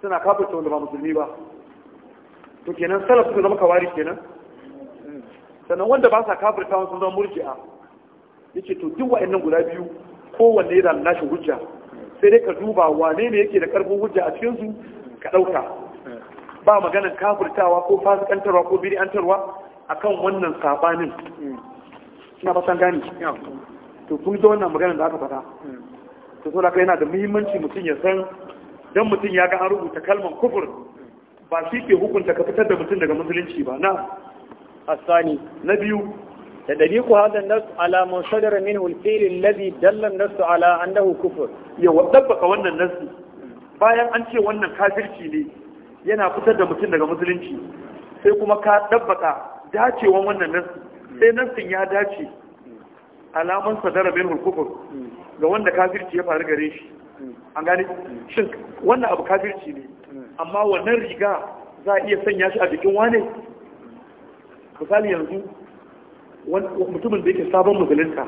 suna kafirta wanda ba musulmi ba to kenan salaf sun zama kawari kenan sannan wanda ba sa kafirta wani sun zama murji'a yace to duk wa'annan guda biyu kowanne da nashi hujja sai dai ka duba wane ne yake da karfin hujja a cikin su ka dauka ba maganan kafirtawa ko fasikantarwa ko bid'antarwa akan wannan sabanin ina fatan gani to kun zo wannan maganin da aka faɗa to saboda yana da muhimmanci mutum ya san dan mutum ya ga an rubuta kalmar kufur ba shi ke hukunta ka fitar da mutum daga musulunci ba na asani na biyu da daliku hadan nas ala man sadara minhu al-fi'l alladhi dalla an-nas ala annahu kufur ya ka wannan nasi bayan an ce wannan kafirci ne yana fitar da mutum daga musulunci sai kuma ka dabbaka dacewan wannan nasi sai nasin ya dace alaman sadara minhu al kufur ga wanda kafirci ya faru gare shi an gane shi wannan abu kafirci ne amma wannan riga za a iya sanya shi a jikin wane misali yanzu mutumin da yake sabon musulunta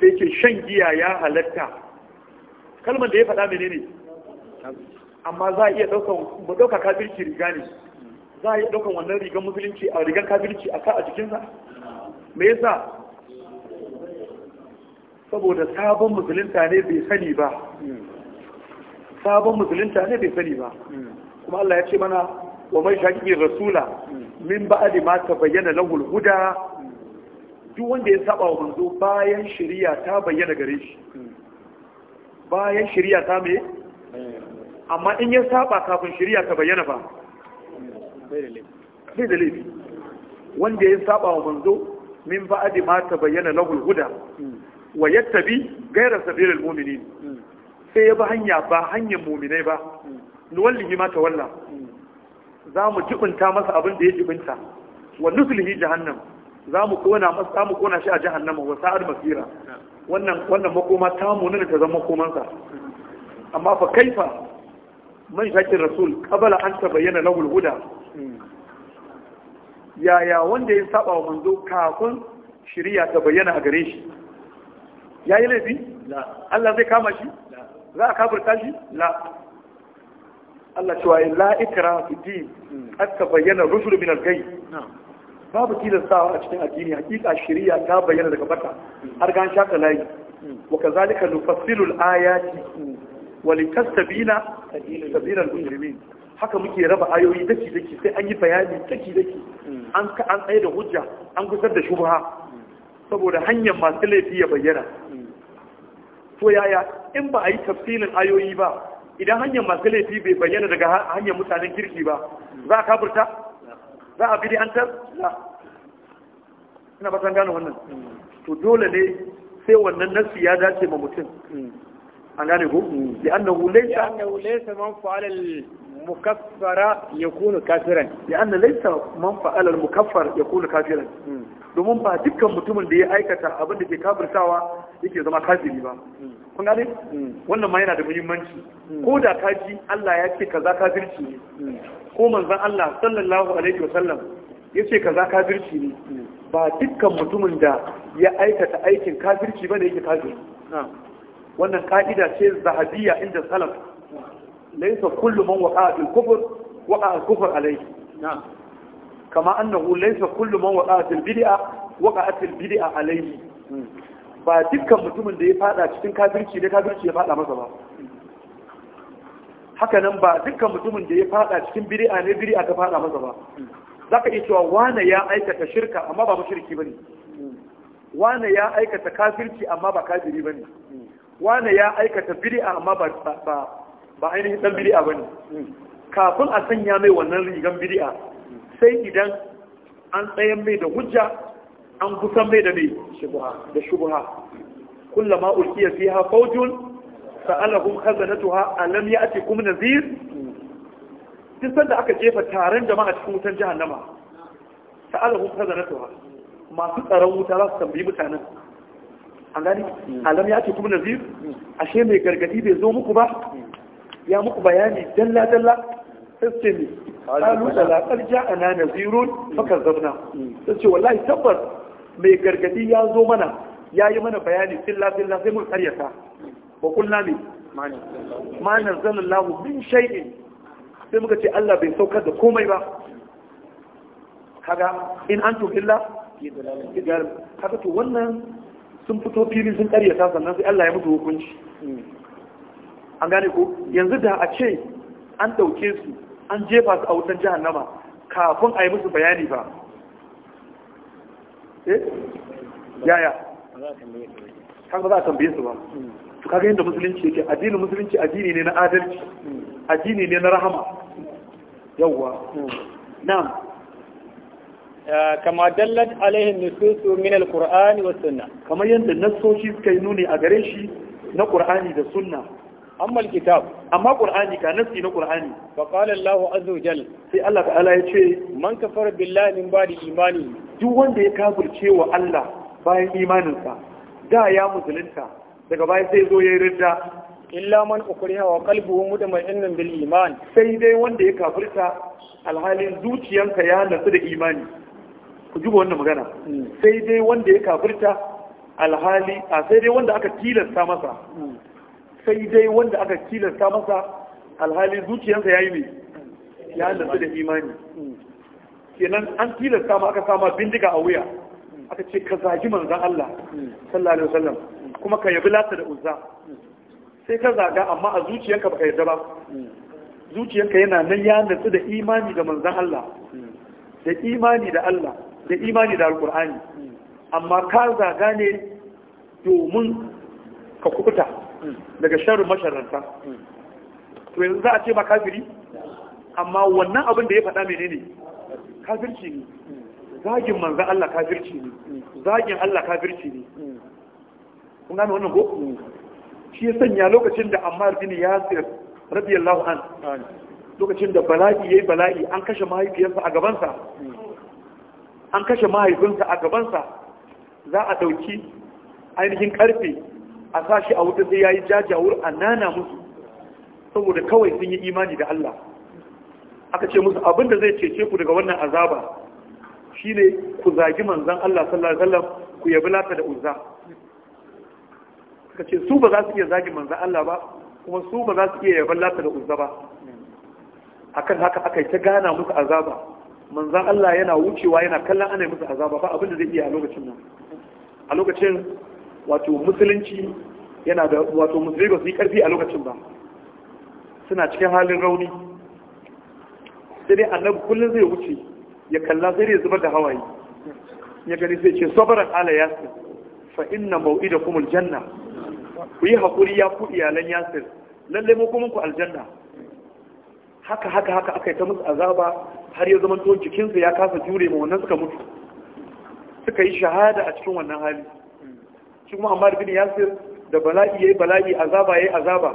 sai ke shan giya ya halatta kalmar da ya faɗa menene amma za a iya ɗaukan ba ɗauka kafirci riga ne za a iya ɗaukan wannan rigar musulunci a rigar kafirci a ka a jikinsa me yasa saboda sabon musulunta ne bai sani ba sabon musulunta ne bai sani ba kuma Allah ya ce mana wa mai shaƙi rasula min ba ba'adi ma ta bayyana lahul huda duk wanda ya saba wa manzo bayan shari'a ta bayyana gare shi bayan shari'a ta me amma in ya saba kafin shari'a ta bayyana ba bai da laifi wanda ya saba wa manzo min ba ba'adi ma ta bayyana lahul huda wa yattabi gaira sabilil mu'minin sai ya ba hanya ba hanyar mu'minai ba nuwallihi ma walla. za mu jibinta masa abin da ya jibinta wa nuslihi jahannam za mu kona masa za mu kona shi a jahannam wa sa'ad masira wannan wannan makoma ta mu ne ta zama makomansa amma fa kaifa man shakin rasul qabla an tabayyana lahu al-huda yaya wanda ya saba wa manzo kafin shari'a ta bayyana a gare shi ya yi laifi Allah zai kama shi za a kafirta shi la Allah cewa yi ikra su ji hmm. aka bayyana rufin min al Babu babu tilastawa a cikin addini hakika shirya ta bayyana daga bata hmm. har gan shaka layi hmm. wa kazalika nufassilu ayati wa litastabina sabila al haka muke raba ayoyi daki daki sai an yi bayani daki daki an ka an tsaye da hujja an gusar da shubha saboda hanyar masu laifi ya bayyana to yaya in ba a yi tafsirin ayoyi ba idan hanyar masu laifi bai bayyana daga hanyar mutanen kirki ba za a kaburta za a bidi an tar za ina batan gano wannan to dole ne sai wannan nasi ya dace ma mutum an gane ko da annahu laysa man fa'ala al-mukaffara yakunu kafiran da annahu laysa man fa'ala mukaffara ya yakunu kafiran domin ba dukkan mutumin da ya aikata abin da ke kafirtawa yake zama kafiri ba kun gane wannan ma yana da muhimmanci ko da ka ji Allah ya ce kaza kafirci ne ko manzon Allah sallallahu alaihi wasallam ya ce kaza kafirci ne ba dukkan mutumin da ya aikata aikin kafirci bane yake kafiri wannan ka'ida ce zahabiyya inda salaf laysa kullu man waqa'a al-kufr waqa'a al-kufr alayhi na'am kama أنه ليس كل man وقعت البدئة وقعت البدئة عليه فتلك alayhi ba dukkan mutumin da ya fada cikin kafirci ne kafirci ya masa ba haka nan ba dukkan mutumin da ya fada cikin bid'a ne bid'a ta fada masa ba zaka iya cewa wane ya aikata shirka amma ba mushriki bane wane ya aikata kafirci amma ba kafiri bane wane ya aikata bid'a amma ba ba ba ainihin dan bid'a bane kafin a sanya mai wannan rigan bid'a sai idan an tsayan mai da hujja an kusan mai da mai da shubha kullama ulqiya fiha fawjun sa'alahum khazanatuha alam ya'tikum nadhir duk sanda aka jefa taron jama'a cikin wutan jahannama sa'alahum khazanatuha masu tsaron wuta za su tambayi mutanen an gani hmm. alam ya'tikum nadhir hmm. ashe mai gargadi bai zo muku ba ya muku bayani dalla dalla sai ne kalu da laƙar ja'ana na zirun faka zauna sai ce wallahi tabbas mai gargadi ya zo mana ya yi mana bayani filla filla sai mun karyata ba kulla ne ma zanen lahu min shay'in sai muka ce Allah bai saukar da komai ba kaga in an illa la? kaga to wannan sun fito fili sun karyata sannan sai Allah ya mutu hukunci hmm. an gane ko yanzu da a ce an dauke su an jefa su a wutan jahannama kafin a yi musu bayani ba eh yaya kan ba za a tambaye su ba to kaga yadda musulunci yake addinin musulunci addini ne na adalci addini ne na rahama yawwa na'am kama dallat alaihin nususu min alqur'ani was sunna kamar yadda nasoshi suka yi nuni a gare shi na qur'ani da sunna amma kitab amma qur'ani ka nasi na qur'ani fa qala Allahu azza wajal sai Allah ta'ala ya ce man kafara billahi min ba'di imani duk wanda ya kafirce wa Allah bayan imaninsa da ya musulunta daga baya sai zo ya ridda illa man ukriha wa qalbuhu mutma'innan bil iman sai dai wanda ya kafirta alhalin zuciyanka ya nasu da imani ku ji wannan magana hmm. sai dai wanda ya kafirta alhali sai dai wanda aka tilasta masa hmm. sai dai wanda aka tilasta masa alhali zuciyarsa yi ne ya halarci da imani kenan an tilasta ma aka sama bindiga a wuya aka ce ka zagi manzan Allah sallallahu alaihi wasallam kuma ka yabi lata da uzza sai ka zaga amma a zuciyarka baka yarda ba zuciyarka yana nan ya natsu da imani da manzan Allah da imani da Allah da imani da alqur'ani amma ka zaga ne domin ka kubuta daga sharin masharanta to yanzu za a ce ma kafiri amma wannan abin da ya faɗa menene kafirci ne zagin manzan Allah kafirci ne zagin Allah kafirci ne kun gane wannan ko shi ya sanya lokacin da Ammar bin Yasir radiyallahu an lokacin da bala'i yayi bala'i an kashe mahaifiyarsa a gabansa an kashe mahaifinsa a gabansa za a dauki ainihin karfe a sa shi a wuta sai ya yi jajawar a nana musu saboda kawai sun yi imani da Allah aka ce musu abinda zai cece ku daga wannan azaba shi ne ku zagi manzan Allah sallallahu alaihi wasallam ku yabi lata da uzza suka ce su ba za su iya zagi manzan Allah ba kuma su ba za su iya yaban lata da uzza ba akan haka aka yi ta gana musu azaba manzan Allah yana wucewa yana kallon ana musu azaba ba abinda zai iya a lokacin nan a lokacin wato musulunci yana da wato musulmi ba su yi karfi a lokacin ba suna cikin halin rauni sai dai annabi kullum zai wuce ya kalla sai dai zubar da hawaye ya gani sai ce sabaran ala yasir fa inna mau'ida kumul janna ku yi hakuri ya ku iyalan yasir lallai mu kuma ku aljanna haka haka haka aka yi ta musu azaba har ya zama to jikinsu ya kasa jure ma wannan suka mutu suka yi shahada a cikin wannan hali shi kuma Ammar bin Yasir da bala'i yayi bala'i azaba yayi azaba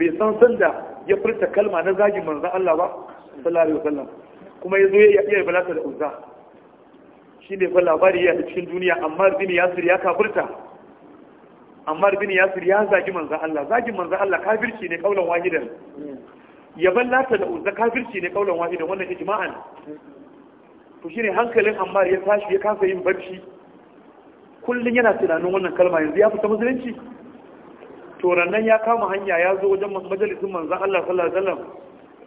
bai san sanda ya furta kalma na zagi manzon Allah ba sallallahu alaihi wasallam kuma yazo ya iya balata da uzza ne fa labari ya cikin duniya Ammar bin Yasir ya kafirta Ammar bin Yasir ya zagi manzon Allah zagi manzon Allah kafirci ne kaulan wahidan Ya lata da uzza kafirci ne kaulan wahidan wannan ijma'an to shine hankalin Ammar ya tashi ya kasa yin barci kullum yana tunanin wannan kalma yanzu ya fita musulunci to rannan ya kama hanya ya zo wajen majalisun manzon Allah sallallahu alaihi wasallam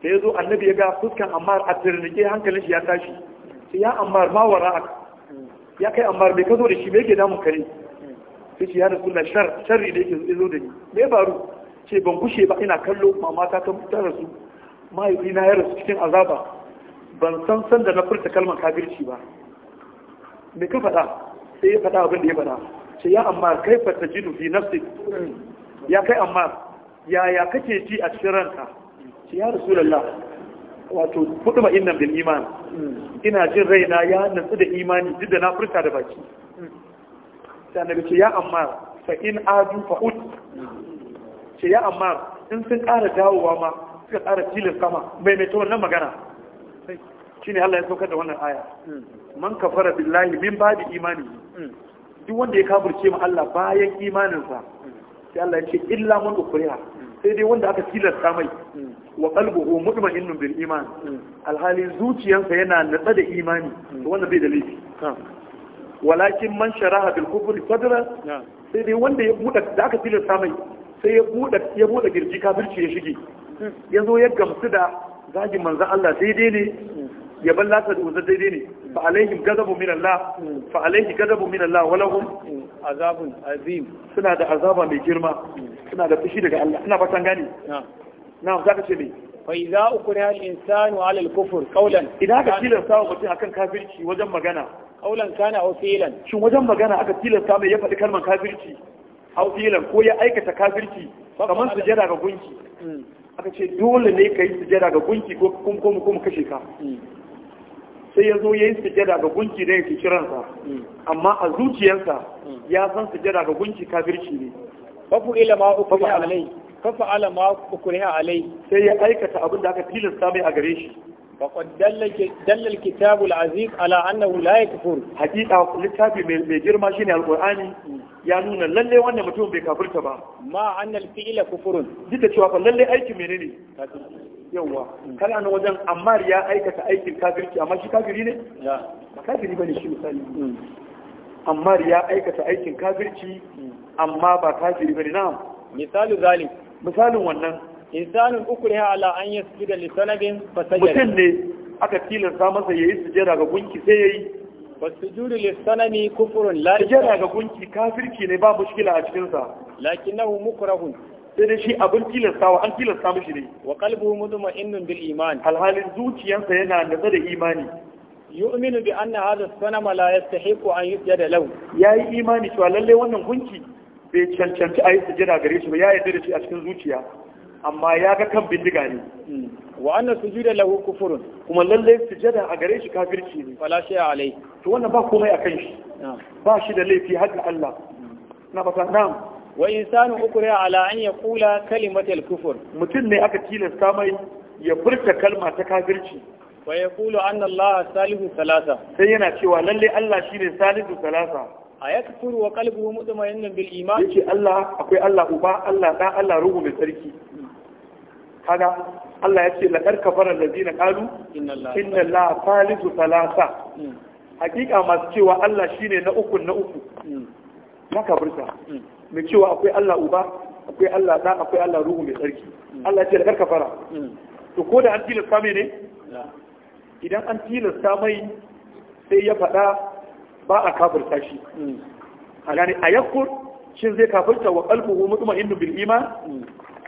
da ya annabi ya ga fuskan Ammar a tirnike hankalin shi ya tashi sai ya Ammar ma wara'ak ya kai Ammar bai kazo da shi bai da damun kare sai ya rasulullah shar sharri da yake zo da ni me faru ce ban kushe ba ina kallo mamata ta ta rasu mahaifina ya rasu cikin azaba ban san san da na furta kalmar kafirci ba me ka faɗa sai ya faɗa abin da ya faɗa sai ya amma kai fata ji nufi nafsi ya kai amma, yaya kake ji a cikin ranka ce ya lalla wato kudu ma inna bin iman ina jin raina ya nutsu da imani duk da na furta da baki sai annabi ce ya amma fa in adu fa ut ce ya amma in sun ƙara dawowa ma suka ƙara tilin kama maimaita wannan magana shine Allah ya saukar da wannan aya man kafara billahi min ba'di imani duk wanda ya kafirce ma Allah bayan imaninsa sai Allah ya ce illa man ukriha sai dai wanda aka tilasta mai wa qalbuhu mutma'innun bil iman alhali zuciyansa yana nada da imani to wanda bai da laifi walakin man sharaha bil kufri sadra sai dai wanda ya buda da aka tilasta mai sai ya buda ya buda girji kafirci ya shige yazo ya gamsu da zagin manzo Allah dai ne yaban lasa da wuzar daidai ne fa alaihim gadabu min Allah fa alaihi gadabu min Allah wa lahum azabun azim suna da azaba mai girma suna da fushi daga Allah ina fatan gani na'am zaka ce ne fa idza ukriha al-insanu ala al-kufr qawlan idan ka tilasta wa mutum akan kafirci wajen magana qawlan kana aw fi'lan shin wajen magana aka tilasta mai ya faɗi kalmar kafirci aw fi'lan ko ya aikata kafirci kamar sujada ga gunki mm. aka ce dole ne ka yi sujada ga gunki ko kuma kashe ka mm. sai ya zo ya yi sujada ga gunki da ya kiransa hmm. amma a zuciyarsa hmm. ya san sujada ga gunki kafirci ne fafu ilama uku alai fafu uku alai sai ya aikata abin da aka tilasta mai a gare shi فقد dallar kitabu العزيز على انه لا يكفر Hakika, littafi mai girma shine alqur'ani hmm. ya nuna lalle wannan mutum bai kafirta ba ma annal fi'la kufrun duk da cewa fa lalle aiki menene yawa kana nan wajen amma ya aikata aikin kafirci amma shi kafiri ne ba kafiri bane shi misali mm. amma ya aikata aikin kafirci mm. amma ba kafiri bane na'am misali zalim misalin wannan insanin ya ala an yasjuda li sanadin fa sajada mutum ne aka tilasta masa yayi sujada ga gunki sai yayi والسجود للصنم كفر لا سجد ga gunki kafirci ne ba mushkila a cikin sa lakinnahu mukrahun sai dai shi abin wa an tilasta mishi ne wa qalbuhu mutma'innun bil iman alhalin zuciyarsa yana nazo da imani yu'minu bi anna hadha as-sanama la yastahiqu an yusjada lahu yayi imani cewa lalle wannan gunki bai cancanci a yi sujada gare shi ba ya yarda da shi a cikin zuciya amma ya ga kan bindiga ne hmm. wa anna sujuda lahu kufurun kuma lalle sujada a gare shi kafirci ne fala shay alai to wannan ba komai akan shi ba shi da laifi hadda Allah hmm. na fata na'am wa insanu ukriha ala an kula kalimatal kufur mutum ne aka tilasta mai ya furta kalma ta kafirci wa yaqulu anna allaha salihu salasa sai yana cewa lalle Allah shine salihu salasa a yakfuru wa qalbuhu mutmainnan bil iman yace Allah akwai Allah uba Allah da Allah ruhu mai sarki kaga Allah ya ce laqad kafara allazina qalu inna allaha salihu salasa mm. hakika masu cewa Allah shine na uku na uku maka mm. burta mm. mai cewa akwai Allah uba akwai Allah da akwai Allah ruhu mai tsarki Allah ce da karka fara mm. to ko da an tilasta mai ne idan an tilasta mai sai ya faɗa ba a kafirta shi mm. a gane a yakkur shin zai kafirta wa qalbuhu mutma'innu bil iman mm.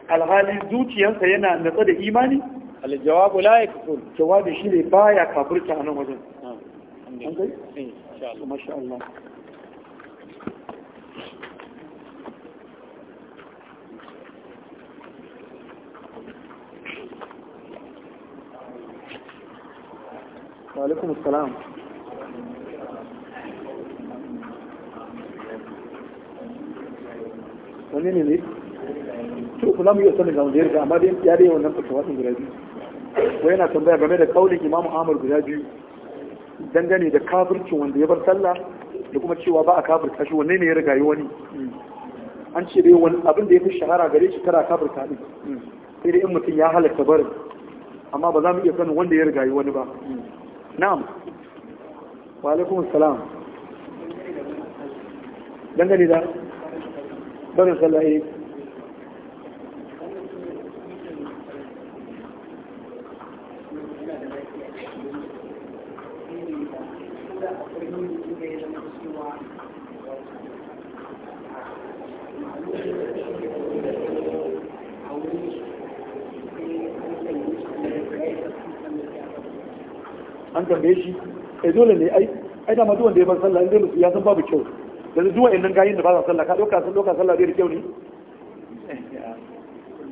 alhali zuciyarsa yana natsa da imani aljawabu la yakfur jawabi shine baya kafirta a nan wajen ah, an kai eh, masha Allah wa السلام wani ne ne Su kula mu yi sanin ga wanda ya riga amma dai ya dai wannan fatawa din guda biyu wai yana tambaya game da kaulin Imam Ahmad guda biyu dangane da kafircin wanda ya bar sallah da kuma cewa ba a kafirta shi wanne ne ya riga yi wani an ce dai wani abin da ya fi shahara gare shi kara kafirta kaɗi. sai dai in mutum ya halatta barin amma ba za mu iya sanin wanda ya riga yi wani ba na'am wa alaikum assalam dangane da barin sallah eh, kai eh, dole ne ai ai da maduwan da ya bar sallah inda ya san babu kyau da duk nan gayin da ba sa sallah ka dauka sun dauka sallah da kyau ne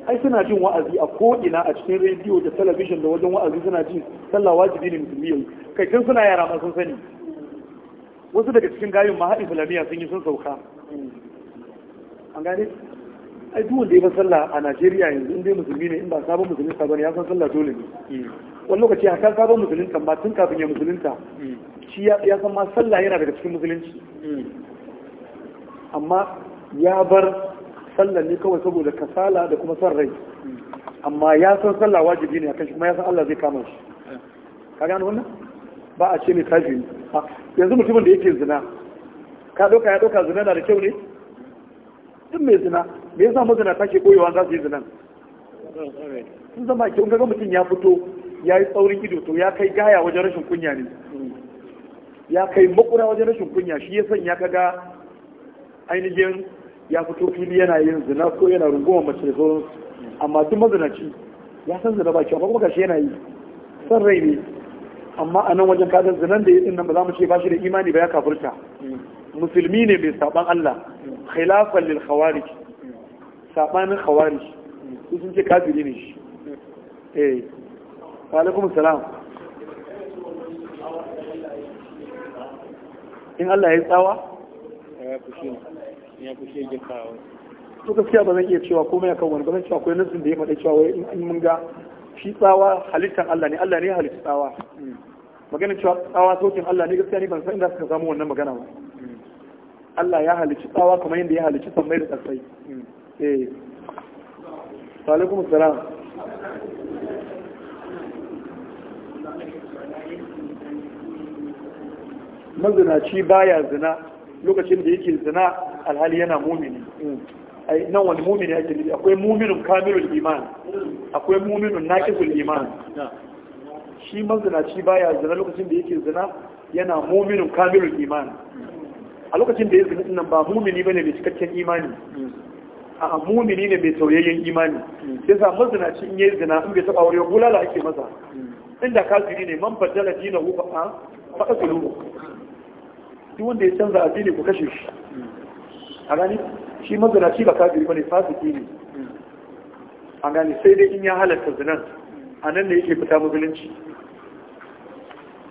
ai suna jin wa'azi a ko'ina a cikin rediyo da talabijin da wajen wa'azi suna jin sallah wajibi ne musulmi yau kai tun suna yara ma sun sani wasu daga cikin gayin ma har islamiyya sun yi sun sauka an gane ai duwan da ya bar sallah a Najeriya yanzu in dai musulmi ne in ba sabon musulmi sabon ya san sallah dole ne hmm. wani lokaci a kan sabon musulunta ba tun kafin ya musulunta mm. shi ya san ma sallah yana daga cikin musulunci mm. amma ya bar sallah ne kawai saboda kasala da kuma son rai mm. amma ya san sallah wajibi ne akan shi kuma ya san Allah zai kama shi ka gano wannan ba a ce ne kafi yanzu mutumin da yake zina ka doka ya doka zina na da kyau ne duk mai zina me yasa mazina take koyewa za su yi zinan sun zama kyau ga mutum ya fito ya yi tsaurin ido to ya kai gaya wajen rashin kunya ne ya kai makura wajen rashin kunya shi ya sanya kaga ainihin ya fito fili yana yin zina ko yana rungumar mace da amma duk mazinaci ya san zina ba kyau kuma gashi yana yi san rai ne amma a nan wajen kadan zinan da ya nan ba za mu ce ba shi da imani ba ya kafirta musulmi ne mai saban Allah khilafan lil khawarij sabanin khawarij sun ce kafiri ne shi eh wa alaikum salam in Allah ya tsawa ya fushe ya fushe ya to gaskiya ba zan iya cewa komai akan wani ba zan cewa akwai nasin da ya faɗa cewa wai in mun ga shi tsawa halittar Allah ne Allah ne ya halitta tsawa hmm. magana cewa tsawa sautin Allah ne gaskiya ne ban san inda suka samu wannan magana ba hmm. Allah ya halicci tsawa kamar yadda ya halicci sammai da ƙasai hmm. eh Salamu alaikum salam mazinaci baya zina lokacin da yake zina alhali yana mumini ai nan wani mumini ake nufi akwai muminin kamilul iman akwai muminin naqisul iman shi mazinaci baya zina lokacin da yake zina yana muminin kamilul iman a lokacin da ya zina nan ba mumini bane mai cikakken imani a mumini ne mai tauyayyen imani yasa mazinaci in yayi zina in bai taba aure gulala ake masa inda kafiri ne man fadala dinahu fa faqatuluhu duk wanda ya canza addini ku kashe shi a gani shi mazinaci ba kafiri bane fasiki ne a gani sai dai in ya halatta zinan a nan ne yake fita musulunci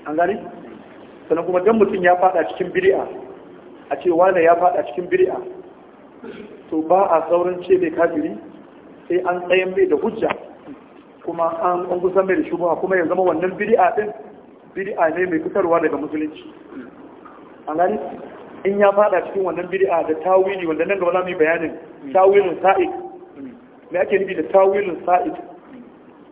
A gani sannan kuma don mutum ya fada cikin biri'a, a ce wane ya fada cikin biri'a? to ba a saurin ce mai kafiri sai an tsayan mai da hujja kuma an kusan mai da shugaba. kuma ya zama wannan biri'a din biri'a ne mai fitarwa daga musulunci an in ya fada cikin wannan bid'a da tawili wanda nan gaba za mu yi bayanin tawilin sa'id me ake nufi da tawilin sa'id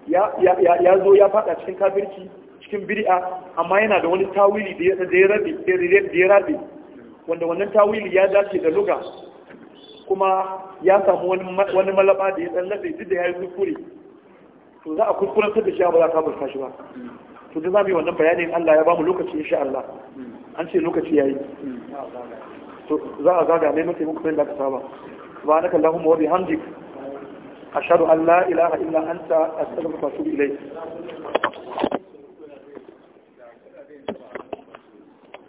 ya zo ya fada cikin kafirci cikin bid'a amma yana da wani tawili da ya rabi da ya rabi wanda wannan tawili ya dace da luga kuma ya samu wani malaba da ya tsallabe duk da ya yi kuskure to za a ta da shi ba za a kafirta shi ba to da za mu yi wannan bayanin Allah ya ba mu lokaci insha Allah an ce lokaci yayi to za a zaga ne mace muku an la ilaha illa anta astaghfiruka wa atubu ilayk